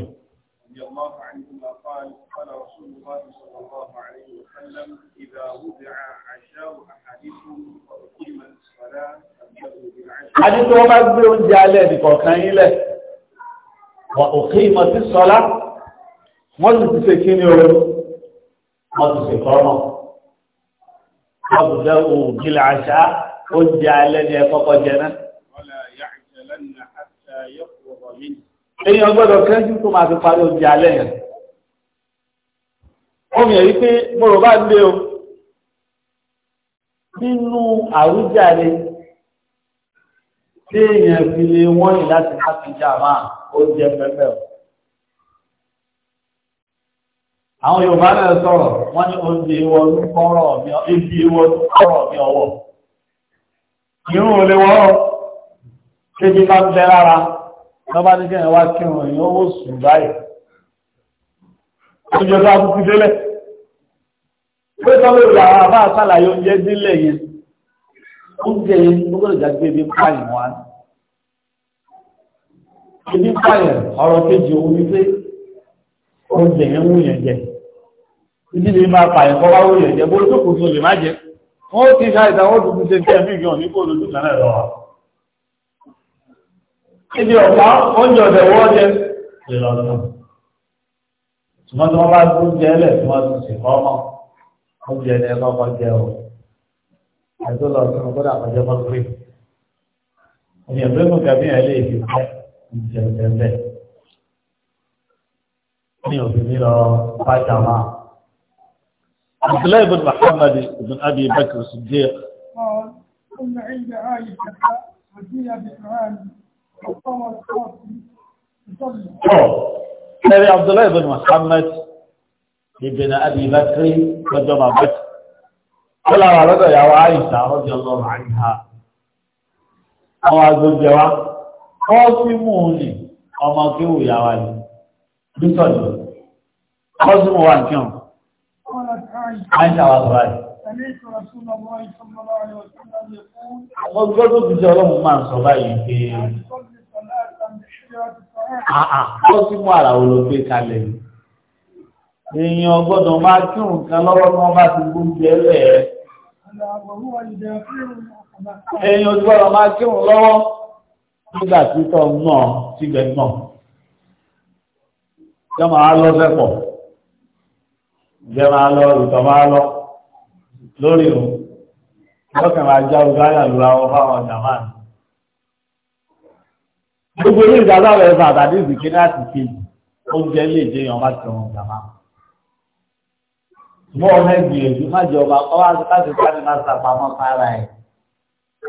Speaker 2: وسلم إذا وضع عشاء أحدكم وأقيمت الصلاة فابدأوا بالعشاء. حديث وما
Speaker 1: تقولون جالين يقولون له وأقيمت الصلاة wọ́n ti ṣe kí ni o wọ́n ti ṣe kọ́mọ̀ ọ̀bùdá òògìlà àṣà oúnjẹ alẹ́ ni ẹ kọ́kọ́ jẹ náà. èèyàn gbọ́dọ̀ kẹ́jú tó máa fi parí oúnjẹ alẹ́ yẹn. Omi fi hàn yí pé bọ́rọ̀ bá lé o nínú àwíjàre tí èèyàn fi lè wọ́n yìí láti láti jà máa oúnjẹ pẹ́pẹ́ o. àwọn Yorùbá náà sọ̀rọ̀ wọ́n ní oúnjẹ ìwọ̀nú kọ́rọ̀ mi ibi ìwọ̀nú kọ́rọ̀ mi ọwọ́ irun ò lè wọ́rọ̀ bá ń bẹ lára lọ́ba ní kí ẹ̀ wá kírun èèyàn ó sùn báyìí. oúnjẹ tó a kúkú délẹ̀ pé tọ́lú làwọn àbá àṣàlàyé oúnjẹ nílẹ̀ yẹn oúnjẹ yẹn ó gbọ́dọ̀ jáde bí pààyàn wá ibi pààyàn ọ̀rọ̀ kejì òun ni pé oúnjẹ yẹn wù yẹn jẹ ibi lè máa pààyàn kọ́ wá wù yẹn jẹ bó tó kù tó lè má jẹ wọ́n ti ṣáà ìdáwọ́ tuntun ṣe fẹ́ mí gan ní kó lójú kan náà lọ́wọ́ ibi ọ̀pá oúnjẹ ọ̀dẹ̀ wọ́ jẹ lè lọ́dún ṣùgbọ́n tí bá tún jẹ́ lẹ̀ tí oúnjẹ ni ẹ kọ́kọ́ jẹ o àti lọ sínú kó dà kọjá bá pé ènìyàn tó mú gàbí yẹn lè fi pẹ́ ìjẹ ìjẹ̀bẹ̀ ní òfin ní lọ bá jàmá. Abdullahi ibn Muhammad ibn Abi Bakr Siddiq.
Speaker 3: قلنا عند عائشة ودي بإعاني وقام الصلاة يصلي.
Speaker 1: Abdullahi ibn Muhammad ìbìnà abibakiri lọ́jọ́ màbẹ́tì ó lára lọ́dọ̀ ìyàwó àìsà ọjọ́ ọlọ́run àìsà àwọn agbègbè wa wọ́n fi mú un nì ọmọ kí wù yà wá ní bísọ̀dù wọ́n sì mú wa ní kíọ̀n
Speaker 3: àìsà wa sọ̀rọ̀ àìsà. Àwọn gbọ́dọ̀ fi jẹ́ ọlọ́run máa ń sọ báyìí pé àà ó sì
Speaker 1: mú àràwọ̀ ló gbé kalẹ̀ yìí èèyàn gbọ́dọ̀ máa kí nǹkan lọ́wọ́ tí wọ́n bá ti gbóúnjẹ lẹ̀ ẹ́.
Speaker 3: èèyàn gbọ́dọ̀ máa
Speaker 1: kí nǹkan lọ́wọ́ nígbà tí tọ́ náà síbẹ̀ náà. jẹ́ máa lọ sẹ́pọ̀ jẹ́ máa lọ ìtọ̀ máa lọ lórí o lọ́kàn máa já ojú ayà lura wọn fáwọn jàmáà gbogbo ilé ìdájọ́ rẹ̀ fà àtàdé láti kejì oúnjẹ lè jẹ́ bá ti wọn jàmáà bọ́ ọ náà gbìyànjú má jẹ ọba ọba láti sáré máa sàpamọ́ para ẹ̀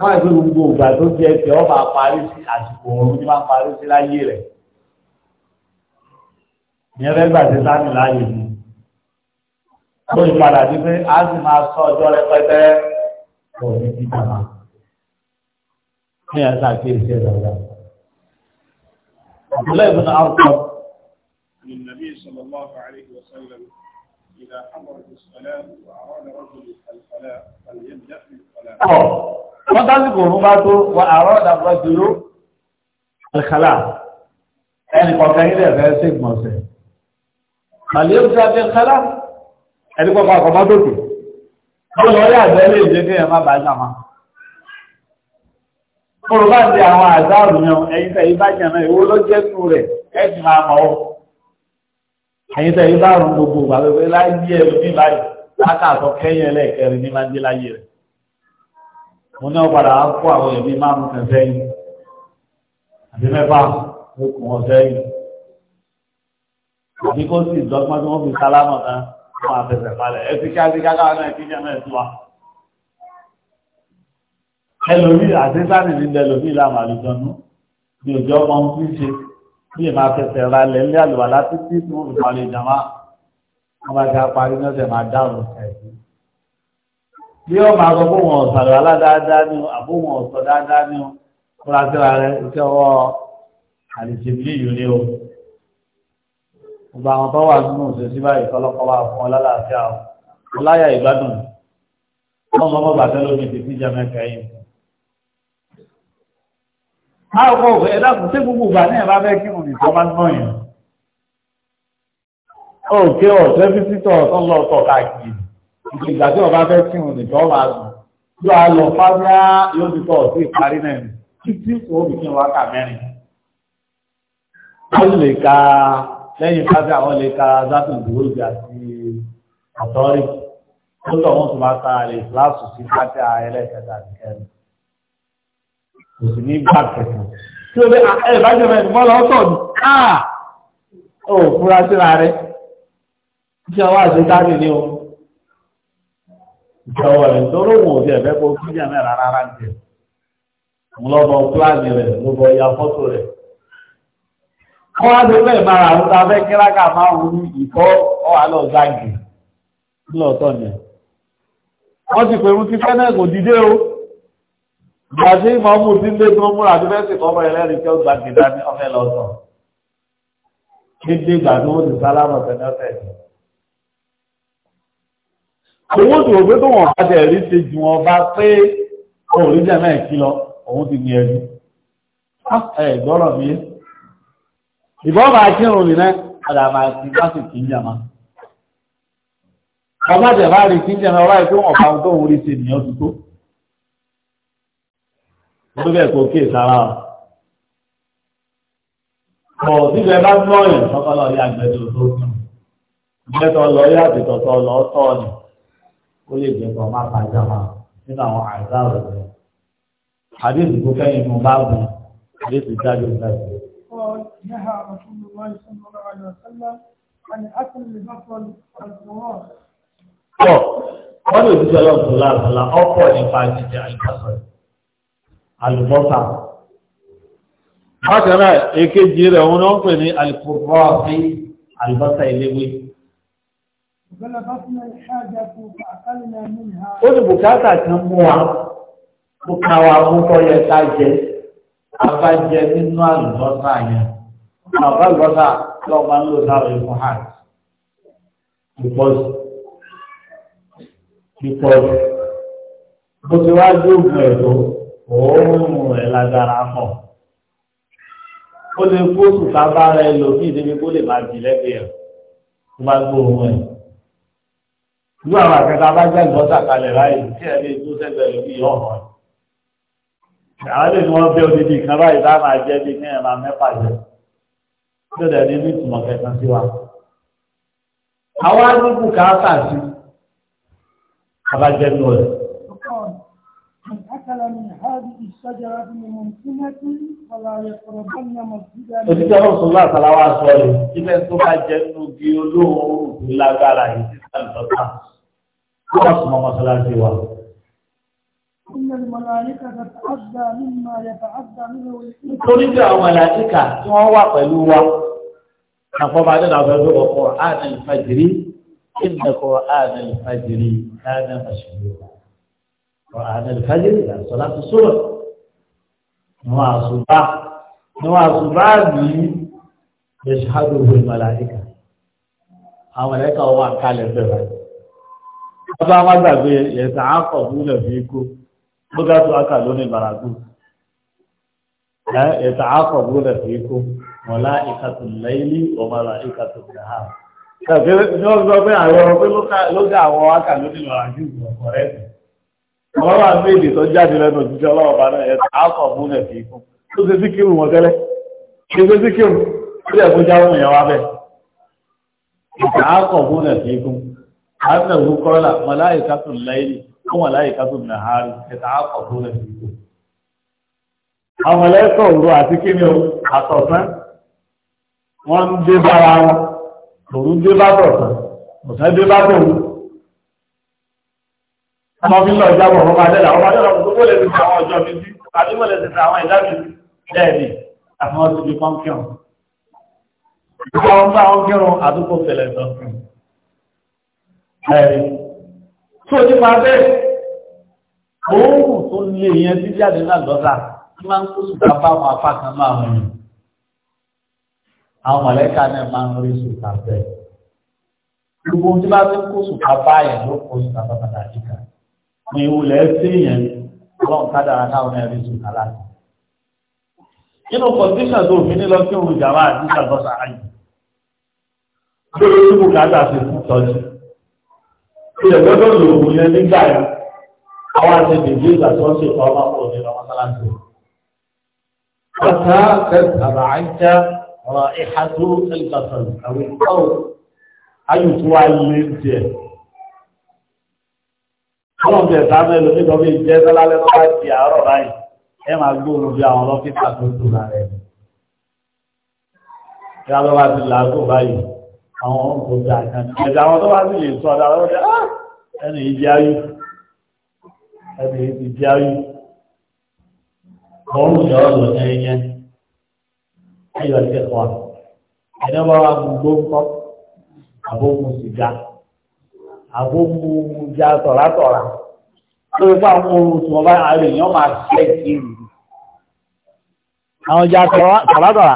Speaker 1: wọ́n àgbẹ̀ gbogbo ògbà tó jẹ́ ẹsẹ̀ ọba parí sí àsìkò òun ní máa parí sí láyé rẹ̀ ìyẹn fẹ́ gbà sí sáré láyé mi tó ìpadà sí pé a sì máa sọ ọjọ́ rẹpẹtẹ kò ní ti dàmà ní ẹ̀sà kí èsì ẹ̀ dàgbà. Abdullahi bin Arqam.
Speaker 2: Nabi sallallahu alayhi wa إذا حضرت الصلاة وأراد رجل الصلاة فليبدأ بالصلاة.
Speaker 1: wọ́n tásìkò fún bá tó wà àárọ̀ ìdàgbà dúró alkhala ẹnìkọ̀ọ̀kan ilẹ̀ rẹ̀ sí ìgbọ̀nsẹ̀ àlèébù tí a fi alkhala ẹnìkọ̀ọ̀kan àkọ́bá tókè wọ́n lọ rí àgbẹ̀ lè jẹ́ kí ẹ má bàá jàmá mo rò bá ti àwọn àzáàrù yan ẹ̀yìn tẹ̀ yí bá jẹ̀ náà ìwó ló jẹ́ ẹ̀yin tẹ́ yín bá rún gbogbo ìgbà pé láyé ẹ̀rù ní báyìí látàtọ̀ kẹ́yìn ẹlẹ́ẹ̀kẹrin ní máa ń dé láyé rẹ̀ mo ní ọ̀padà á kó àwọn ẹ̀mí márùn kan sẹ́yìn àbí mẹ́fà ló kù wọn sẹ́yìn àbí kó sì dọ́gbọ́n tí wọ́n fi sálámọ̀ kan wọ́n máa fẹsẹ̀ falẹ̀ ẹ ti ká sí káká náà kí jẹ́ mẹ́ẹ̀ tó wa. ẹlòmíì àti sáà nìyí ń dẹ ẹlòmíì bí ìmọ̀ afẹsẹ̀ ra lẹ̀ ní àlùwàlá títí tí wọ́n fi parí ìjàmá wọ́n bá ti parí náà ṣe máa dáhùn ẹ̀sìn.
Speaker 2: bí wọ́n máa sọ fún wọn ọ̀sàlọ̀
Speaker 1: aládáadáa ni o àbó wọn ọ̀sọ̀ dáadáa ni o fúra síra rẹ iṣẹ́ ọwọ́ àlìṣebílì yìí ni o. gbogbo àwọn tó wà nínú òṣèṣì báyìí kọ́lọ́kọ́ wà fún ọ lálàáfíà o. ọláyà ìgbádùn. wọ́n mọ́ bàtẹ́ lómi ti fi jẹ́ mẹ́kẹ́ yìí. Àwọn ọ̀fẹ́ ẹ̀dàkùn tí gbogbo ìgbà ní ẹ̀bá fẹ́ kí wọ́n nìkan máa ń náà yẹn. Òkè ọ̀tẹ́ bí títọ̀ ọ̀tọ́ lọ ọ̀tọ̀ káàkiri. Ìgbà tí ọba fẹ́ kí wọ́n nìkan máa lọ. Yóò á lọ fábíà yóò ti tọ̀ sí ìparí náà ni. Títí kò bí kí wọ́n kà mẹ́rin. Wọ́n lè ka lẹ́yìn fábíà wọ́n lè ka Zátùn Dùwọ́lùbí àti Àtọ́rì. Ó tọ̀ wọ́n tún máa ta àlè fúláṣù sí fábíà ẹlẹ́kẹ̀ẹ́ta àti kẹrin. kò ní gbà kẹsàn tí o lè ẹ ìbájọ mọ́ lọ sọ ní áà ó fura síra rẹ iṣẹ́ ọwọ́ àti táàbì ni o ìjọwọ́ rẹ̀ nítorí òun ò tiẹ̀ fẹ́ kó kí jẹ́ mẹ́rin rárá ya fọ́tò rẹ kọ́ bẹ́ẹ̀ máa a fẹ́ kíráka máa ìkọ́ ọ̀hà lọ wọ́n ti ti fẹ́ gbàdé ìmọ̀mù tí ń lé tó múra tó fẹ́ sì kọ́ ọmọ ẹlẹ́rìí tí ó gba gìdá ní ọfẹ́ lọ́sàn. Níbi ìgbà tó wọ́n ti sálámọ̀ tẹ́lẹ̀ ọ̀fẹ́.
Speaker 3: Owó tó gbé tó wọ̀n
Speaker 1: bàjẹ́ rí ṣe ju wọn bá pé òun rí jẹ́ náà kí lọ, òun ti ní ẹrú. Ah, ẹ gbọ́dọ̀ mi. Ìbọn máa kírun nìyẹn, padà máa ti bá sì kí ń jàmá. Ọmọdé bá rí kí ń jàmá ọlá ìpé tó ń rí tó bẹ́ẹ̀ kó kí ìsara ọ̀ síbẹ̀ bá gbọ́ yẹn tọ́kọ́lọ́ yá gbẹ́dọ̀ tó kàn gbẹ́tọ̀ lọ yá àtìtọ̀tọ̀ lọ tọ́ ni ó lè jẹ́ kọ́ má pa jáma nínú àwọn àìsàn rẹ̀ àdéhùn tó kẹ́yìn mú bá bù àdéhùn jáde ìgbàgbé.
Speaker 3: نهى رسول الله صلى الله عليه وسلم عن أكل البصل والزوار.
Speaker 1: Wọ́n lè fi ṣe ọlọ́run tó lára ọ̀pọ̀ nípa jíjẹ àìbásọ̀rọ̀ àlùbọ́sà. Bákan náà, èkejì rẹ̀ òun náà ń pè ní àlùkùrọ́ọ̀sì àlùbọ́sà eléwé. Ó ní bùkátà kan mú wa, ó ká wa mú kọ́ yẹ ká jẹ, àbá jẹ nínú àlùbọ́sà yẹn. Àbá àlùbọ́sà lọ máa ń lò sáré fún hàn. Because, because, mo ti òórùn rẹ̀ lágbára pọ̀ ó lè kó sùkà bára ẹ lò bí ìdíbi kó lè máa bì lẹ́gbẹ̀ẹ́ rẹ̀ tó bá gbó ohun ẹ̀. Ìlú àwọn akẹ́kọ̀ọ́ abájá ìgbọ́sà kalẹ̀ báyìí tí ẹ̀ lè tó sẹ́gbẹ̀ẹ́ lórí ọ̀hún. Àwọn lè ní wọ́n bẹ́ odidi kan báyìí bá máa jẹ́ bí kí ẹ̀ mẹ́fà jẹ. Tó dẹ̀ ní ní ìtumọ̀ kẹta sí wa. Àwọn agbègbè kan kà sí abájẹ́ rẹ̀.
Speaker 3: من أكل من هذه الشجرة ممكنة فلا يقربن مسجدنا. Òṣìṣẹ́ ọ̀sùn náà sàláwà sọ rẹ̀
Speaker 1: síbẹ̀ tó bá jẹ́ nínú bí olóòórùn tó lágbára yìí sí sàlùtọ́tà. Ó wà sùn ọmọ sọláṣí wa.
Speaker 3: إن الملائكة تتعدى مما يتعدى منه
Speaker 1: Nítorí bí àwọn màláíkà tí wọ́n wà pẹ̀lú wa, àfọ́bà Adéda fẹ́ ló wọ̀ Qur'an al-Fajri, inna Qur'an al-Fajri kana mashhura. àdá ìfájì ìlà sọlá ti sọ̀rọ̀ níwọ̀n àṣùbá níwọ̀n àṣùbá yìí lè ṣáàdù òwe màláìka àwọn màláìka wà kálẹ̀ bẹ̀rẹ̀ bàbá fi kú bóga tó aka lónìí bàràkú yẹ̀sà àkọ̀ fúnlẹ̀ fi kú màláìka tó lẹ́yìn wọ́n màláìka tó gbà Kàbí ní ọgbọ́n pé
Speaker 2: àwọn máa ní èdè
Speaker 1: tó jáde lẹ́nu òṣìṣẹ́ ọlọ́run bá náà yẹn àkọ́ fún ẹ̀ fi kún tó ṣe sí kírun wọn tẹ́lẹ̀ ṣe ṣe sí kírun ó lè kó jáwọ́ èèyàn wá bẹ́ẹ̀ ìgbà àkọ́ fún ẹ̀ fi kún àbẹ̀ òun kọ́lá màláìka tó láìlì fún màláìka tó nàárì ẹ̀ta àkọ́ fún ẹ̀ fi kún. àwọn màláìka òru àti kíni o àtọ̀sán wọ́n ń dé bára wọn òru dé bá tọ̀sán ọ̀sán dé bá tọ̀run ọmọ fi lọ jábọ̀ ọmọ adẹ́là ọmọ adẹ́là kò tó lè fi àwọn ọjọ́ mi sí àbí mo lè fi àwọn ìdá mi lẹ́ẹ̀ni àwọn ọdún ti pọ́n kírun. Àwọn bá wọn kírun àdúgbò fẹ̀lẹ̀ sọ. Ẹ̀rí. Tó nípa bẹ́ẹ̀, òórùn tó lé yẹn sí jáde náà lọ́dà tí máa ń kó sùtà bá àwọn apá kan máa ń rìn. Àwọn mọ̀lẹ́ka náà máa ń rí sùtà bẹ́ẹ̀. Gbogbo tí bá ti kó sùtà bá pin olè séèyàn ọlọ́run ká dára káwọn ẹ̀rí sùn kálá. nínú kọ̀ǹdíṣà tó fi ní lọ sí òun ìjàmbá àti ìṣàgbọ́sà ayé lórí tí mo kàtà sí fún tọ́jú. ìjọ̀gbọ́dọ̀ lòun yẹn nígbà yẹn àwọn àti bèbí ìgbà tó ń ṣe kọ́ ọmọ kò ní lọ́wọ́ sáláńtì. Ọ̀tá tẹ̀sán àìjá ọ̀rọ̀ ìhàdó ẹ̀gbàsọ̀rọ̀ ọlọ́run tẹ̀ sáánú ẹlòmí kan bí jẹ́ sálálẹ́ tó bá di àárọ̀ báyìí ẹ máa gbóòrò bí àwọn lọ́fíìsà tó tó lára ẹ̀ kí a lọ́wọ́ ti làágò báyìí àwọn ọkọ̀ bí àkànní ẹ̀jẹ̀ àwọn tó bá sì lè sọ ọ̀dà lọ́wọ́ tẹ ẹnì ìdí ayú ẹnì ìdí ayú ọ̀rùn yọ̀ ọ́ lọ ní ẹyẹ ayọ̀ ìkẹ́kọ̀ọ́ ẹ̀dẹ́ bá àbó mu ja tọ̀ratọ̀ra tó fún àwọn ohun tí wọ́n bá àrùn èèyàn máa fẹ́ kiri àwọn ja tọ̀ratọ̀ra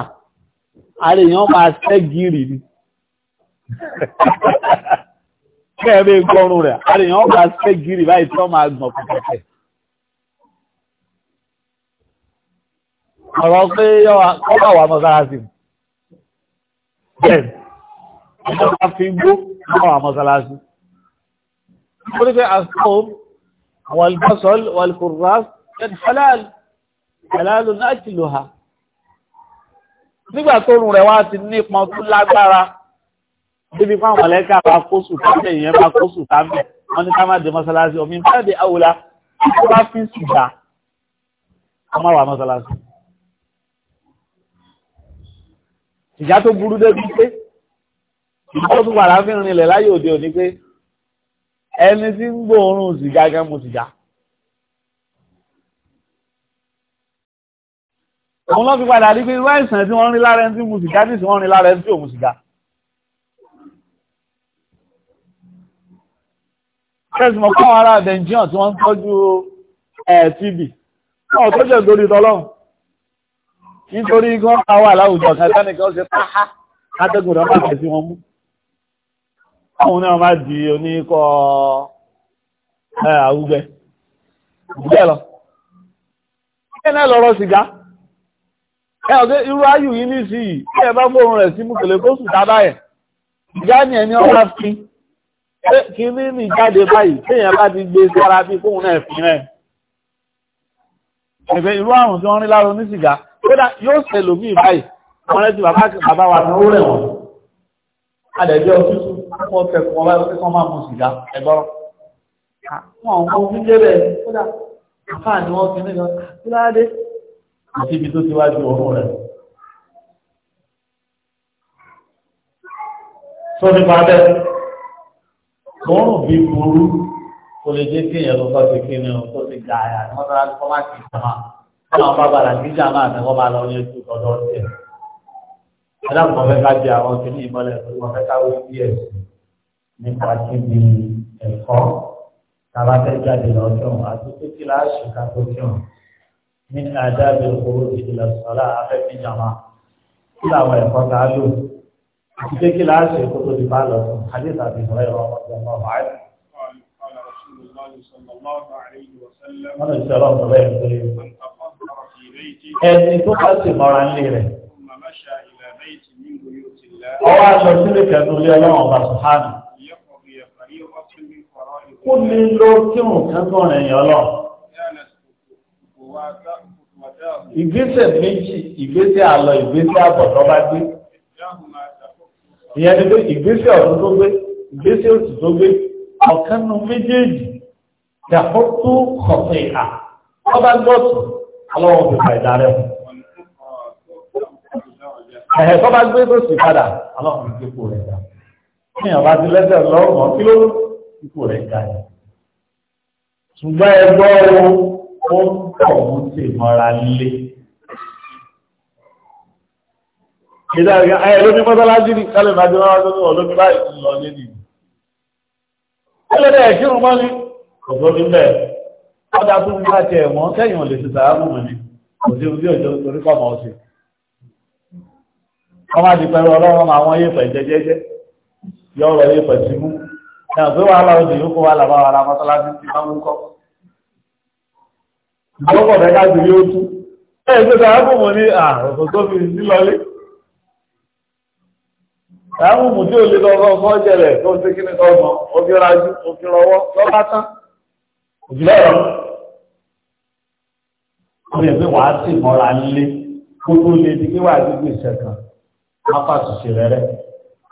Speaker 1: àrùn èèyàn máa fẹ́ kiri ni kẹ́ẹ̀mẹ́ gbọ́rùn rẹ̀ àrùn èèyàn máa fẹ́ kiri báyìí tí wọ́n máa gbọ̀n pẹ̀pẹ̀. ọ̀rọ̀ pé ọba wà mọ́sálásí bẹ́ẹ̀ ọjọ́ bá fi gbó ọba wà mọ́sálásí nítorí pé والبصل wàlbọ́sọ̀l wàlkùrrá حلال حلال halalu náà ti lò ha nígbà tó rùn rẹ̀ wá ti nípọn tó lágbára níbi fáwọn mọ̀lẹ́kà bá kó sùn tábẹ̀ ìyẹn bá kó sùn tábẹ̀ wọ́n ní ká má dé mọ́sálásí omi bá dé àwòlá tó bá fi sùdà wọ́n má wà mọ́sálásí. ìjà tó burú débi pé ìjọba tó wà láfihàn ilẹ̀ láyé òde òní pé ẹni tí ń gbóòórùn sìgá gan mu sìgá. òun lọ́ fi padà rí pé irú àìsàn tí wọ́n rí lára ẹni tí mu sìgá tí wọ́n rí lára ẹni tí ò mu sìgá.
Speaker 4: kẹ́sì mọ̀ káwọn ará
Speaker 1: Benjamin tí wọ́n ń tọ́jú TB náà tó jẹ́ lórí tọ́lọ́run nítorí gan-an wà láwùjọ kan sẹ́nìkan ó ṣe pàhá látẹ́gùn rẹ̀ máa tẹ̀sí wọn mú àwọn náà má di oníkọ́ àwúgbẹ́ ìgbẹ́ lọ ẹ̀nà lọ́rọ̀ sìgá ẹ̀ọ̀dẹ́ irú ayù yìí ní sí yìí ẹ bá fóòrùn rẹ̀ sí múkèlé kó sùn tábà ẹ̀ ìgbá ní ẹni ọlá fi kí ní ní jáde báyìí téèyàn bá ti gbé sí ara bí fóòrùn náà fi rẹ̀ ẹ̀fẹ́ irú àrùn tí wọ́n rí lára onísìgá kódà yóò ṣẹlòmíì báyìí wọ́n rẹ́ ti bàbá wa náà ó rẹ̀ wọ̀n àdẹ̀jọ́ òtútù wọ́n tẹ̀kùn ọba ẹgbẹ́ kan máa mú sìgá ẹgbọ́rọ̀ wọn ò mọ ojú débẹ̀ kódà àfà ni wọ́n fi nígbà kí láadé àti ibi tó ti wá ju ọ̀run rẹ̀. sọ nípa bẹ́ẹ̀ lọ́rùn bí burú
Speaker 2: kò lè jẹ́ kéèyàn ló
Speaker 1: tọ́ sí kéèyàn ló tọ́ sí gàáyà ni wọ́n tọ́ra kọ́ máa kì í sàmà. wọ́n máa bá bàrà kí sàmà àtẹ̀kọ́ máa lọ ní ojú ọ̀dọ́ ọ̀sẹ̀ alákọ̀ọ́ fẹ́ ká jẹ àwọn kìíní ìmọ̀lẹ̀ tó wọ́n fẹ́ káwé bí ẹ̀sìn nípa kíbi ẹ̀kọ́ tàbá fẹ́ jáde lọ́jọ́ àti títí láàṣì ká tó kíọ̀ ní àdáàbí owó ìdílẹ̀ sọ́lá afẹ́fí jàmá kí làwọn ẹ̀kọ́ tá a lò àti pé kí láàṣì kó tó di bá lọ fún àdéhùn àti ìmọ̀ ọmọdé ọmọ báyìí.
Speaker 2: wọ́n lè ṣe ọlọ́run bẹ́ẹ̀ pé ẹni tó bá sì mọ́ra ọwọ́ aṣọ sílẹ̀
Speaker 1: kẹ́nu ilé ọlọ́run ọba sùhánù
Speaker 2: kó lè lọ kírun kẹ́kọ̀ọ́ rẹ̀ yàn lọ. ìgbésẹ̀
Speaker 1: méjì ìgbésẹ̀ àlọ ìgbésẹ̀ àbọ̀ tó bá gbé ìyẹn ni pé ìgbésẹ̀ ọ̀tún tó gbé ìgbésẹ̀ òsì tó gbé ọ̀kan nu méjèèjì dàpọ̀ tó kọ̀ọ̀tẹ̀ à ọba gbọ́tù ọlọ́run fi fà ìdárẹ́ fún ẹ̀hẹ̀ tó bá gbé tó sì padà ọlọ́run ti kó rẹ̀ ga ní ọba ti lẹ́sẹ̀ lọ́wọ́ kí ló ti kó rẹ̀ ga yẹn. ṣùgbọ́n ẹgbọ́ o ó ń pọ̀ mú sí ìmọ̀ra nílé. ìdá ìgbà ayẹ lómi mọ́sálásí ni kálí máa jẹ́ wọn lọ́wọ́ lómi báyìí ń lọ lé nìyí. ẹlẹ́dẹ̀ ẹ̀kírun mọ́ ni kò tó ní bẹ́ẹ̀. ọ̀dà tó ń bá tiẹ̀ mọ́ sẹ́yìn ò lè ti sàárù mọ́ kò sí ojú ọjọ́ torí kọ́ ọmọ wọ́n má ti pẹ̀lú ọlọ́run àwọn yẹ̀pẹ̀ jẹjẹjẹ yọ̀rọ̀ yẹ̀pẹ̀ ti mú náà pé wàhálà òdì yókù wà lábá wà lábá tọ́lájú ti máa ń kọ́. ìjọpọ̀ rẹ̀ dájú yóò tú ẹ̀ ṣe sàákùmù ní àrùn tó fi sílọlé sàákùmù tí ò lè lọ kọ́ jẹ̀rẹ̀ tó ṣe kí ni kọ́ mọ́ òfin rajú òfin rọwọ́ lọ́lá tán òfin lọ́rọ̀ wọ́n lè fi wàá mọ́ra lé kó lè di kí wàá gbígbé ìṣẹ̀kan afa àtúnṣe rẹ rẹ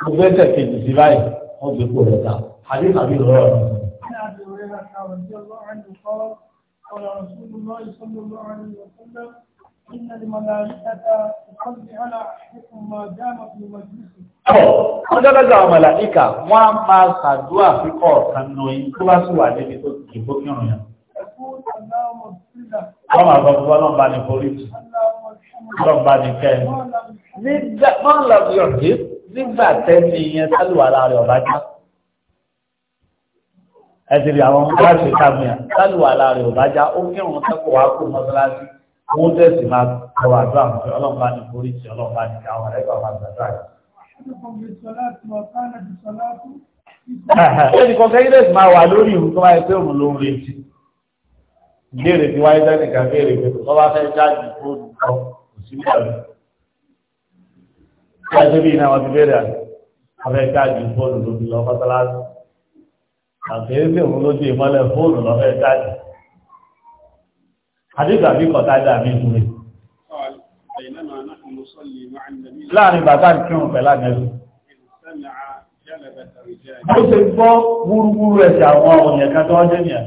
Speaker 1: gbogbo ẹsẹ kejì sí báyìí wọn gbé kó rẹ ta àbí àbí rọrọ rẹ.
Speaker 3: رسول الله صلى الله عليه وسلم إن الملائكة تصلي على أحدكم ما دام في مجلسه.
Speaker 1: wọ́n dábàá gba àwọn màláíkà wọ́n á máa ṣàdúrà fíkọ̀ ọ̀kan nù yín tó bá sì wà níbi tó kì í bókìrùn yẹn. wọ́n máa sọ fún wọn ní forí lọ́ba nìkẹ́ nígbà wọ́n lọ bí ọ̀dí nígbà tẹ́ni yẹn sálùwàlá rẹ̀ ọ̀bá já ẹ̀sìn àwọn kíláàsì kàmìà sálùwàlá rẹ̀ ọ̀bá já ó kírun tẹ́kọ̀ọ́ wá kó mọ́sálásí wọ́n tẹ̀sí máa kọ́ àdúrà mọ́ ọlọ́mọba ní orí ti ọlọ́mọba ní àwọn ẹ̀kọ́ àwọn àgbàdúrà yìí. ẹnì kan kẹ́kẹ́ sì máa wà lórí ìlú tó máa pé òun ló ń retí. ìbéèrè ti wáyé sẹ́nìkan béèrè pé tó bá fẹ́ jáde fóònù kan. Ṣé ẹjọ́ bí iná wọn ti bẹ̀rẹ̀ afẹ́ káàdì fóònù ló fi lọ mọ́sálásí. Àfẹ́sẹ̀ òun ló dé mọ́lẹ̀ fóònù lọ́fẹ́ káàdì. Adégbà bí kọ̀tá dà mí fún mi. Láàrin bàbá ń kírun pẹ̀lá mẹ́rin. Mo ṣe gbọ́ wúrúwúrú ẹ̀ṣẹ̀ àwọn òyìn kan tó wọ́n jẹ́ nìyà.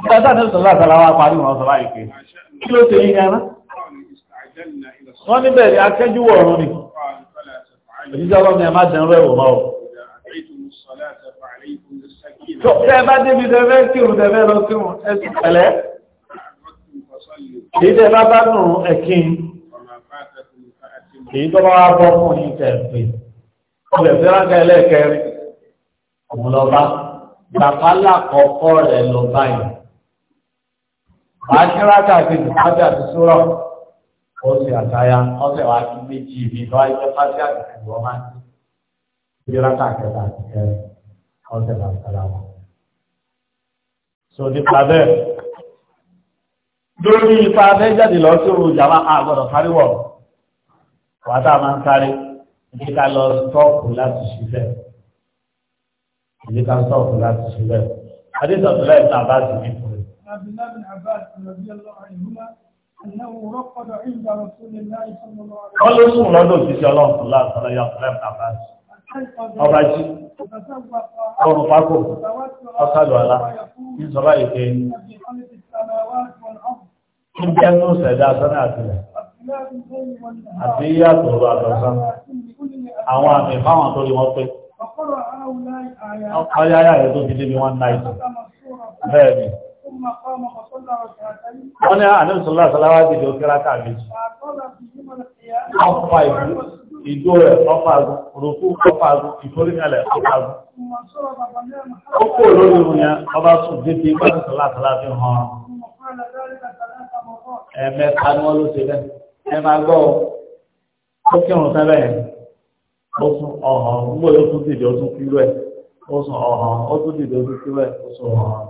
Speaker 2: Ìgbàdá ní sọ̀lá àtàlà
Speaker 1: wa parí wọn sọ̀lá ìpè. Kí ló ṣe yín gan-an?
Speaker 2: wọ́n níbẹ̀ ni akẹ́jú wọ̀rún ni òjíjẹ́ ọlọ́run ẹ̀ má dẹ̀ rẹ̀ wọ̀ máa tó tẹ́ bá débi tẹ́fẹ́ kírun tẹ́fẹ́ lọ kírun ẹ̀sùn pẹ̀lẹ́
Speaker 1: èyí tẹ́ bá bá nù ẹ̀kín èyí tó bá wá bọ́ fún yín kẹ̀ẹ̀pẹ̀ ọbẹ̀ fẹ́ràn ẹlẹ́ẹ̀kẹrin òun lọ bá bàbá làkọ̀ọ́kọ́ rẹ̀ lọ báyìí bàá kí rákà kejì bàbá àti sórọ̀ ọ̀sẹ̀ àtàyà ọ̀sẹ̀ wa kí méjì mi lọ́wọ́ ẹgbẹ́ fásitì àgbẹ̀fẹ̀ ni wọ́n máa ń ṣe rákà kẹta àti kẹrin ọ̀sẹ̀ wa sára wọn. so nípa bẹ́ẹ̀ lórí ipa abẹ́ jáde lọ sí òru ìjàmbá àgbọ̀dọ̀ káríwọ̀ wà tá a máa ń sáré ní ká lọ sọ́ọ̀kù láti ṣiṣẹ́ ní ká sọ́ọ̀kù láti ṣiṣẹ́ adé sọ̀tún láì
Speaker 3: Wọ́n ló sùn lọ́dọ̀ òjíṣẹ́
Speaker 1: ọlọ́run tó láàrín ọlọ́yà ọ̀pọ̀lọpọ̀
Speaker 3: bàbá jù. Ọba jù, ọrùn pákó, ọ̀sàlù ọ̀la, ìsọ̀rọ̀ ìpé. Kí bí ẹnu ṣẹ̀dá sọ́nà àtìlẹ̀, àti yíyàtọ̀ ọ̀rọ̀ àtọ̀sán,
Speaker 1: àwọn àmì fáwọn tó rí wọ́n pé.
Speaker 3: Ọkọ̀ yáyà rẹ̀ wọ́n ní àdínsọ́lá
Speaker 1: sọ́láwá ti jọ kíra káàkiri
Speaker 3: ọ̀pá ìlú
Speaker 1: ìjó rẹ̀ ọ̀pá àgùn òrùkú ọ̀pá àgùn ìforíkalẹ̀ ọ̀pá àgùn
Speaker 2: ó kò lórí ìrùn yẹn ọba sùn dídí pàtàkìlá
Speaker 1: sọ́lá fi hàn
Speaker 2: ẹ̀mẹ́ta ni wọ́n ló ṣe
Speaker 1: bẹ́ẹ̀ ẹ máa gbọ́ ó kírun sẹ́bẹ̀ yẹn ó sún ọ̀hàn gbọ́dọ̀ ó tún dìde ó tún kúrú ẹ̀ ó sún ọ̀hàn ó tún dìde ó tún kúrú ẹ̀ ó sún ọ̀hàn.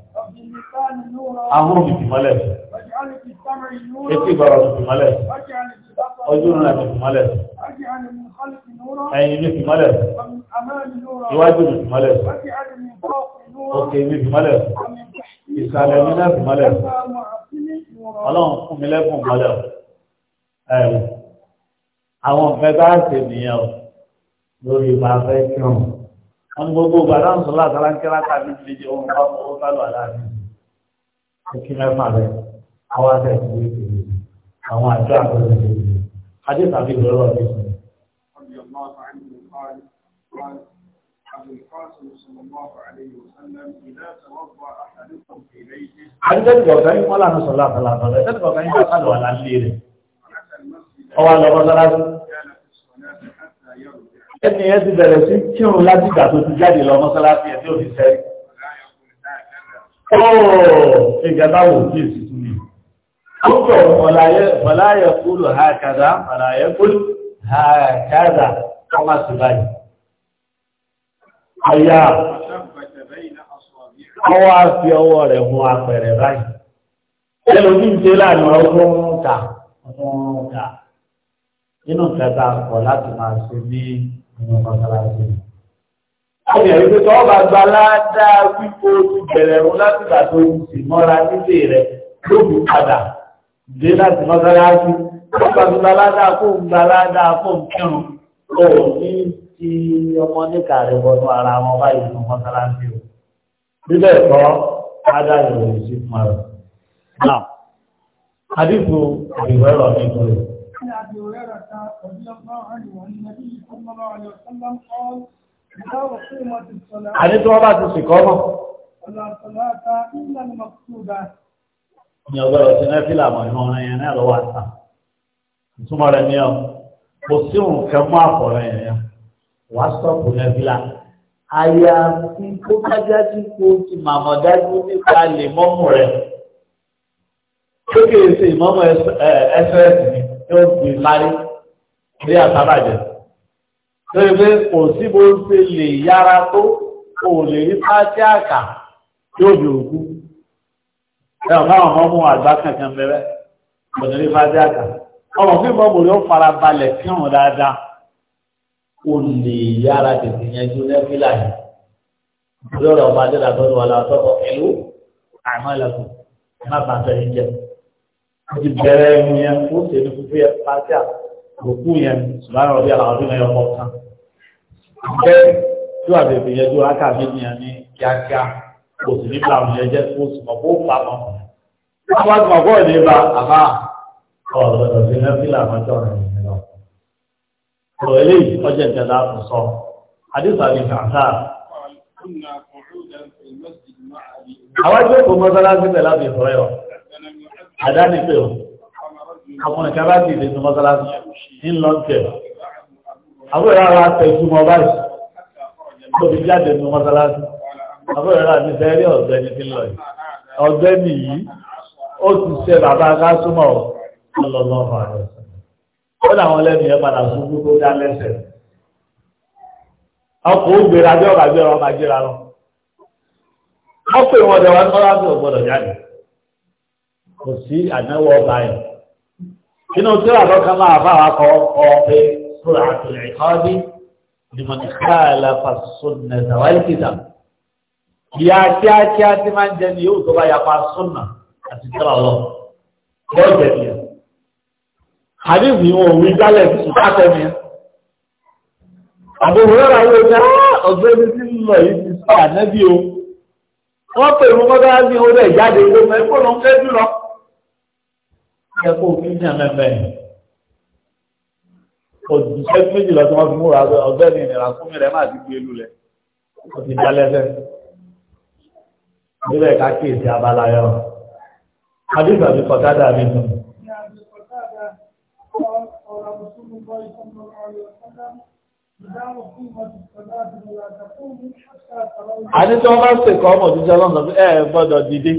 Speaker 3: ahọ́n fi tìmọ́lẹ̀ etí ìgbàrọ̀ fi tìmọ́lẹ̀ ojú rẹ̀ fi tìmọ́lẹ̀ ẹ̀yìn mi tìmọ́lẹ̀ iwájú mi tìmọ́lẹ̀ òkè mi tìmọ́lẹ̀ ìsàlẹ̀ mi náà tìmọ́lẹ̀ ọlọ́run fún mi lẹ́kùn
Speaker 1: mọ́lẹ̀ ẹ̀rù àwọn ọ̀fẹ́ bá ṣe nìyẹn o lórí ìgbà fẹ́ kí kí mẹ́fà rẹ̀ àwọn àtẹ̀ ìwé àwọn àjọ àpẹẹrẹ ìpèlè adé tàbí ìrọ̀rọ̀ ọ̀dẹ́ sọ.
Speaker 2: Àdìsẹ́tì ọ̀gá yìí wọ́n lànà
Speaker 1: sọ̀rọ̀ àtàlà àtàlà ẹ̀sẹ̀tì ọ̀gá yìí wọ́n lọ àlàlé rẹ̀.
Speaker 2: Ọwọ́ àlọ́ mọ́sálásí.
Speaker 1: Oòrùn oh, ìgbàláwò kí èsì tún ní. Ó tọ̀ wọ̀láyẹ kúrò ha kàdá, wọ̀láyẹ kúrò ha kàdá, ọmọ sí báyìí. Ọya, ọwọ́ á fi ọwọ́ rẹ̀ hun apẹ̀rẹ̀ báyìí. Ẹlòmí ń ṣe láàrin ọgbọ́n ta, ọmọ mọ́sálásí. Àwọn èèyàn wípé tọ́ bá gba ládàá wípé o ti bẹ̀rẹ̀ òun láti gbà tó o sì mọ́ra nílé rẹ̀ lóbi padà dé láti mọ́sálásí. Ó gbà tó gba ládàá kó gba ládàá fún kírun. Ó ní ti ọmọ níkà rẹ̀ wọnú ara wọn báyìí fún mọ́sálásí o. Bíbẹ̀ kọ́ ládàá ìròyìn sí fún ara. Náà, àdìgbò ìwẹ́rọ̀ nítorí.
Speaker 3: Àdìgbò ìwẹ́rọ̀ ta àní tí wọ́n bá ti sìnkọ́ mọ́.
Speaker 1: ní ọgbọ́dọ̀ ti nẹ́fìlà mọ̀ ní ọ̀rọ̀ yẹn náà lọ́wọ́ àtà ìtumọ̀ rẹ̀ ní ọ kò sí nǹkan mú àkọ́rọ̀ yẹn yẹn wàá sọ̀pù nẹ́fìlà àyà kó kájájú kó ti màmọ̀ dájú nípa lè mọ́mù rẹ̀ lókè ṣe ìmọ̀mọ̀ ẹsẹ̀ ẹ̀sìn ni yóò gbé lárí ilé àtàbàjẹ́ lórí pé kò sí bó ń ṣe lè yára tó kò lè rí pátí àkà tí ó bìí òkú ẹ ọ̀ káwọn ọmọ mú àgbá kankan bẹ̀rẹ̀ kò ní rí pátí àkà ọmọ fún ìmọ̀ mòrí ó fara balẹ̀ kírun dáadáa kò lè yára tètè yanjú lẹ́fílà yìí lórí ọba adé làtọ́jú wa làtọ́kọ̀ ẹ̀lú àmọ́ ẹ̀lẹ́kùn ẹ̀ má bàtà yín jẹ. ó ti bẹ̀rẹ̀ ẹ̀hún yẹn ó òkú yẹn ṣùgbọ́n ọ̀dẹ́ àwọn ọdún ẹ̀yọ pọ̀ kan. bẹ́ẹ̀ tí wàá bèbè yẹn ju rákà méjì yẹn ní kíákíá kò sì ní bá àwọn yẹn jẹ́ kó sì mọ̀ kó pa mọ́. wọ́n ti mọ̀ kó ní ba àbá ọ̀rọ̀ sí lẹ́fílà àmọ́jọ́ rẹ̀ lọ. ọ̀rọ̀ eléyìí ọjọ́ ìjọba sọ àdìsá ni kàńtà. àwọn ẹgbẹ́ kò mọ́ sọ́lá sí pẹ̀lú àbí ìfọ̀rẹ́ ọ̀ àwọn ìjábá ti lè tún mọ́sálásí ní lọ́tẹ̀ àwọn ìrà ara tẹ̀sùmọ́ báyìí tó fi jáde tún mọ́sálásí àwọn ìrà mi fẹ́ rí ọ̀gbẹ́ni tí lọ yìí ọ̀gbẹ́ni yìí ó ti ṣe bàbá akásùmọ̀ ọlọ́lọ́fà rẹ̀ ó làwọn lẹ́nu yẹn padà ṣubú tó dá lẹ́sẹ̀ ọkọ̀ ó gbéra bí ọ̀gá gbéra ọmọ lọ ọkọ̀ ìwọ̀n ọ̀dẹ̀ wa ní mọ́sálásí ò jáde kò sí àdáwọ̀ ọba yẹn inú tí wà lọ́kàn máa bá wa kọ́ ọ pé sọ́ra àtúnyẹ̀ ìkọ́bí ni mo ní káàlà fàṣọ́nà ìtàwálìkìtà ìyá kíákíá tí máa ń jẹ ní yóò tó bá yapa sọ́nà àti tẹ́lá lọ yóò jẹ ẹ̀. hadith ni wọn ò wí jálẹ̀ ṣùgbọ́n àtẹ̀mí àbúrò rẹ̀ àwọn ọ̀gá ah, ọ̀gbẹ́ni tí ń lọ yìí ti sọ ànẹ́bí o wọ́n pè mú mọ́tò yẹ kó fi yàn mẹ́mẹ́ òṣìṣẹ́ méjì lọ́sọ́ wọn fi múra ọgbẹ́ mi ìnira fún mi rẹ̀ máa ti gbé e lulẹ̀ ó ti dá lẹ́sẹ̀ níbẹ̀ ká kíyèsí abala yọ adébà mi kọ́ dáadáa mi nù.
Speaker 3: àdìsọ́ bá ṣèkọ́ ọmọ
Speaker 1: òṣìṣẹ́ lọ́nà ẹ̀ gbọ́dọ̀ dìde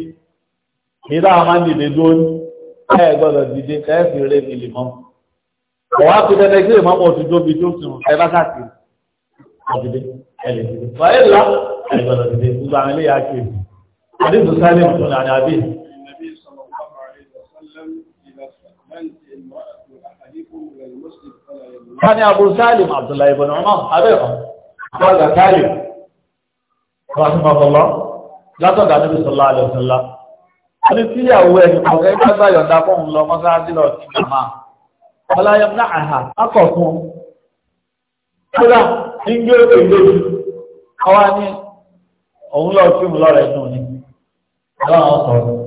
Speaker 1: ìdá àwọn máa ń dìde dúró ní ẹ gbọ́dọ̀ dìde kẹ́ẹ̀fì rẹ̀ ní lèmọ́ ọ̀wá tó dẹ́dẹ́ sí ìmọ̀ ọmọ òtútù omi tó sùn ẹ bá káàkiri ọ̀dìdẹ ẹ̀lẹ̀ dìde wáyé ńlá ẹ gbọ́dọ̀ dìde gbogbo àwọn ilé yà á kiri àdéhùn sálẹ̀ mọ̀tò náà ní abẹ́
Speaker 2: Kani Abu Salim Abdullahi ibn Umar abẹ́kọ̀ Kọ́lá Salim
Speaker 1: Rahimahu Allah látọ̀dá Nabi sallallahu Àti tíyàwó ẹ̀ ọ̀rẹ́ gbágbà yọ̀dá fóun lọ mọ́sáájú lọ sí màmá. Ọláyọ̀ náà àhà akọ̀ fún un. Kódà ní gbé òkè lójú, àwa ní òun lọ sí òun lọ́rẹ̀ nù ni. Ọlọ́run ọ̀sọ̀ rẹ̀.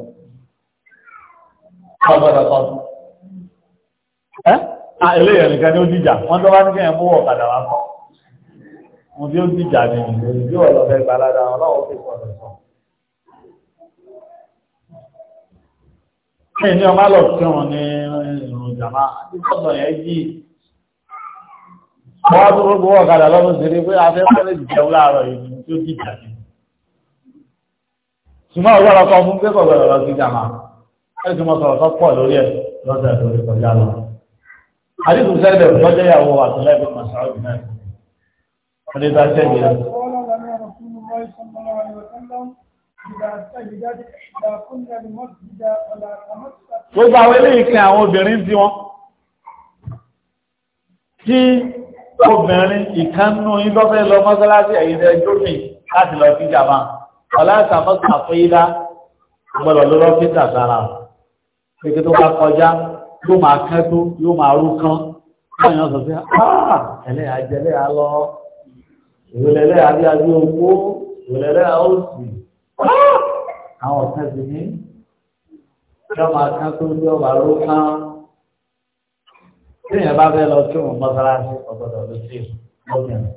Speaker 1: Ọgbọ́dọ̀ kan. Ẹ́ à eléyẹ̀ nìkan ni ó dìjà, wọ́n tó bá ní kẹ́yìn mú ọ̀kadà wá kọ́. Mo bí ó dìjà ni, èyí yóò lọ fẹ́ gbalada, ọlọ́run ó fi sọ̀rọ̀ sọ̀rọ̀.
Speaker 2: ṣe ní ọmọ lọ sí wọn
Speaker 1: ní ìrùn jàmá ìtọ́sọ̀ yẹn jì wọ́n á tó gbogbo ọ̀kadà lọ́dún sí rí pé afẹ́fẹ́ lè jẹun láàárọ̀ yìí tí ó dìjà ní ṣùgbọ́n ọ̀gbọ́n ọkọ̀ fún pé kọ̀ọ̀gbọ́n ọ̀rọ̀ sí jàmá ẹ̀sì mọ́ sọ̀rọ̀ tó pọ̀ lórí ẹ̀ lọ́sẹ̀ tó lè kọjá lọ àdìsù sẹ́dẹ̀ lọ́jọ́ ìyàwó àtúnlẹ̀ ìbí
Speaker 3: Gbogbo àwọn ilé ìkẹ
Speaker 2: àwọn obìnrin tí wọ́n.
Speaker 1: Tí obìnrin ìkannú ìlọ́fẹ́ lọ mọ́sálásí ẹ̀yìn ẹjọ́mì láti lọ sí jàmá. Ọláta mọ́sá fún ilá gbọ́dọ̀ ló lọ́fíìsà sára. Pèkè tó bá kọjá yóò máa kẹ́ tó yóò máa rú kán. Báyọ̀ sọ pé, "Ah! Ẹlẹ́ àjẹlẹ́ àlọ́, ìrẹ̀lẹ́ àbí àbí owó, ìrẹ̀lẹ́ àósì." àwọn ọ̀sẹ̀ ti ní ìjọba kan tó ní ọba ló kán tí èèyàn bá fẹ́ lọ tí òun mọ́sálásí ọ̀gbọ́dọ̀ ló sí lómìnira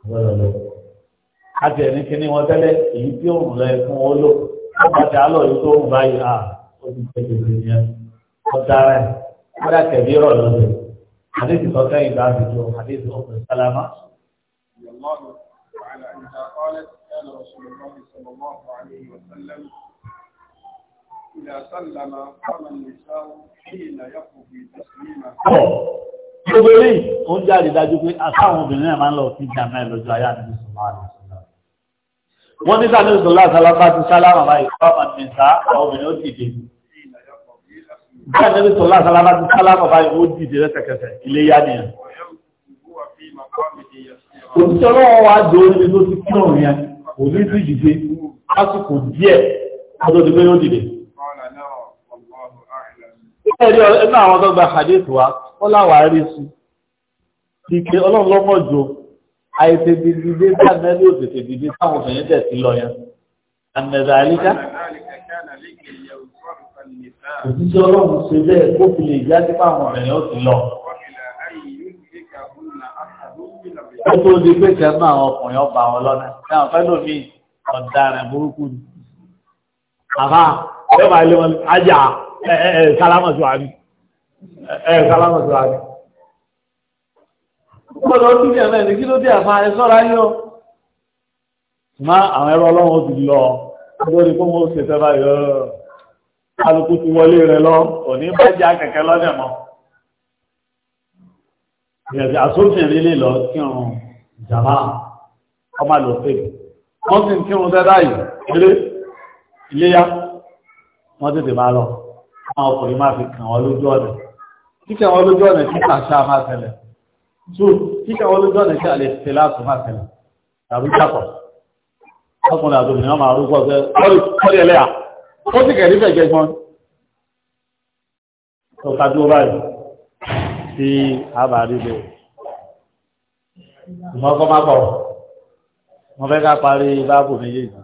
Speaker 1: ọ̀gbọ́dọ̀ ló. àti ẹni kíní wọn tẹ́lẹ̀ èyí tí òun lọ ẹkún wọn lò ọba tí a lọ yìí tó ń báyìí à ó ti tẹ̀ tẹ̀lé yẹn ọ̀dà rẹ̀ ọ̀dà kẹ̀bí rọ̀ lọ́dọ̀ àdéhùn sọ́kẹ́ ìgbà àdéhùn àdéhùn ọ̀pẹ̀ sálámà.
Speaker 2: كان رسول الله صلى الله عليه وسلم إذا سلم قام النساء حين يقضي تسليمه
Speaker 1: Gbogbo eléyìí, ó ń jáde dájú pé àtàwọn obìnrin náà máa ń lọ sí ìjà mẹ́rin lójú ayé àti
Speaker 2: ìsọ̀lá àti ìsọ̀lá. Wọ́n ní sáà ní ìsọ̀lá àtàlápá ti sálámà
Speaker 1: bá ìfọ́mà nìta, àwọn obìnrin ó dìde. Bẹ́ẹ̀ ní ìsọ̀lá àtàlápá ti sálámà bá ìwó dìde lẹ́sẹ̀kẹsẹ̀, ilé yá nìyẹn. Òṣìṣẹ́ ọlọ́wọ́ wa dòó níbi tó ti kírun yẹn kò ní sí ìdíje lásìkò díẹ̀
Speaker 2: ọdún ti pé ó dìde. ẹ̀rí ẹ̀nà
Speaker 1: àwọn tó gba hadith wa wọ́n láwàá rí sí i pé ọlọ́run lọ́mọ jò àìsè dìde dáná ní òtètè dìde táwọn obìnrin tẹ̀ sí lọ yẹn. àmẹ́dà àríkà
Speaker 2: òjíṣẹ́ ọlọ́run ṣe
Speaker 1: bẹ́ẹ̀ kó fi lè yá sí fáwọn obìnrin ó ti lọ.
Speaker 2: ó tó di pé kẹ́nu
Speaker 1: àwọn ọkùnrin ọba wọn lọ́nà ní àwọn fẹ́ lómi ọ̀daràn burúkú ni. àbá ẹ máa lé wọn ajá ẹ ẹ sálámọ̀ sí wa ni ẹ sálámọ̀ sí wa ni. ó gbọ́dọ̀ tún ní ẹ̀mẹ́ ní kí ló dé àfa ẹ sọ́ra yín o. má àwọn ẹrọ ọlọ́run ó ti lọ lórí kó wọ́n ṣe fẹ́ báyọ̀ kálukú ti wọlé rẹ lọ òní bá jẹ́ akẹ́kẹ́ lọ́dẹ̀ mọ́ ìrẹ̀sì àsófin lè lọ kírun ìjàmá ọmọ àlòfèèrè wọ́n sì ń kírun bẹ́ báyìí eré iléyá wọ́n tètè máa lọ àwọn ọkùnrin máa fi kàn wọ́n lójú ọ̀nà kíkẹ́ wọn lójú ọ̀nà tí àṣà máa tẹ̀lẹ̀ tó kíkẹ́ wọn lójú ọ̀nà tí àlè tẹ̀ láti máa tẹ̀lẹ̀ tàbí jápọ̀ ọkùnrin àti obìnrin máa rúgbọ́ pé ọ̀rẹ́ ẹlẹ́yà ó sì kẹ̀ nífẹ̀ẹ́ gbọ́n tó kájú báyìí tí a bá rí lè ìmọ̀kọ́ má pọ̀ wọ́n fẹ́ ká parí báàbù méjèèjì.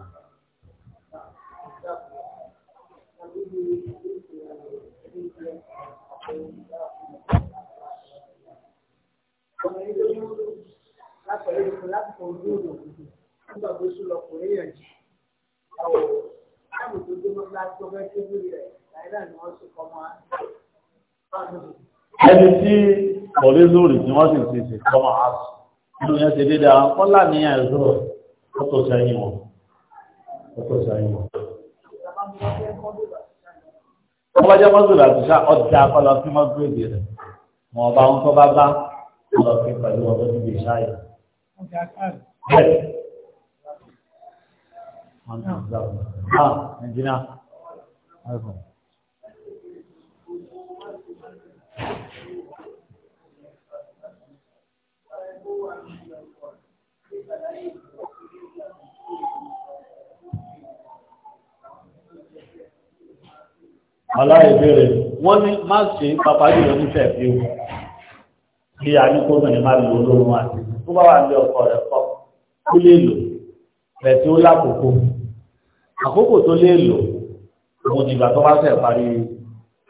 Speaker 2: látọ̀rẹ́ ìfún láti fọ ojú òòlù nígbà tó sún lọ kò yẹn jù. Àwọ̀ táàmù tó dé mọ́tò láti ọgbẹ́ tébùrì rẹ̀ láìláì ni wọ́n ti kọ́ mọ́ á
Speaker 1: ẹni tí ọ̀rẹ́ lórí tí wọ́n sì ti sì kọ́mọ àṣù nínú yẹn ṣe dédé àwọn kọ́lá ní ẹ̀zọ́ ọ̀tọ̀ sẹ́yìn wọn ọ̀tọ̀ sẹ́yìn wọn. wọ́n bá jẹ́ mọ́tòlù àtúnṣá ọjà akọ́lọ́ sí mọ́tòlù rẹ̀ wọn ọba ń kọ́ bá bá lọ sí pẹ̀lú ọdún níbi ìṣáyà. bẹ́ẹ̀ wọ́n ti ń gbà wọ́n. ah ẹnjìnà. aláìbéèrè wọ́n ní má ṣe pàpá jùlọ nífẹ̀ bí o kí a ní kó mẹ́rin máa lò lóòrùn àti tó bá wà ní ọkọ̀ rẹ̀ kọ́ ó lè lò rẹ̀ tí ó lákòókò àkókò tó lè lò òun ni ìgbà tó bá fẹ́ parí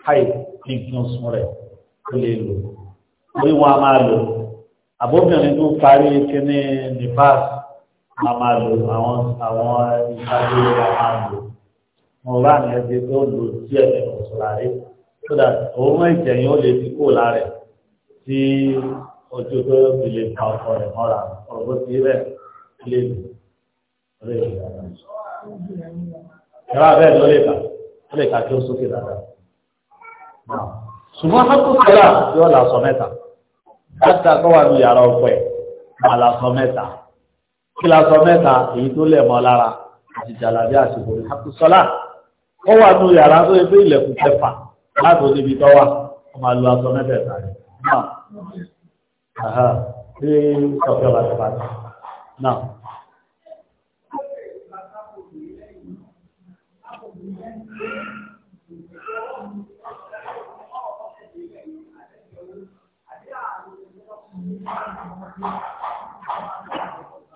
Speaker 1: high big news rẹ̀ ó lè lò orí wọn a máa lò àbóbìnrin tó parí kíní nìfàs a máa lò àwọn àwọn ìṣáájú a máa lò mo bá ní ẹbí tó lò díẹ̀ nínú sùlárí kódà òun ìjẹyìn ó lè fi kó lára tí ojú tó fi lè ta ọkọ rẹ̀ mọ́ra ọ̀rọ̀ tí rẹ̀ lè lò lè lò dáadáa. ìrọ̀ abẹ́ẹ̀ ló lè kà ó lè kà kí ó sókè dáadáa.
Speaker 2: ṣùgbọ́n hákùn sọ́lá yóò
Speaker 1: là sọ mẹ́ta káta tó wà ní yàrá ọ̀pẹ àlàsọ mẹ́ta kí làsọ mẹ́ta èyí tó lẹ̀ mọ́ lára àti jàlàbí àsìkò àkùsọ́lá ó wà ní yàrá tó yẹ pé ilẹ̀kùn kẹfà láti oníbi tó wà ó máa lo aṣọ mẹ́tẹ̀ẹ̀ta rẹ̀ náà ṣe ọ̀fẹ́ ọ̀la ti náà.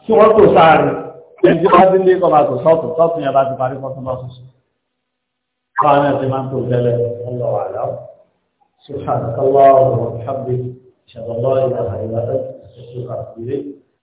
Speaker 1: tí wọ́n tó sáàrin ẹni tí wọ́n ti lé kọ́ba tó sọ́ọ̀tù sọ́ọ̀tù yẹn bá ti parí kọ́tún bá sọ́sọ́ káwọn náà ti máa ń tó tẹ́lẹ̀ ọlọ́wà láwù subhanahu wa ta'ala wa bihamdihi shallallahu alaihi wa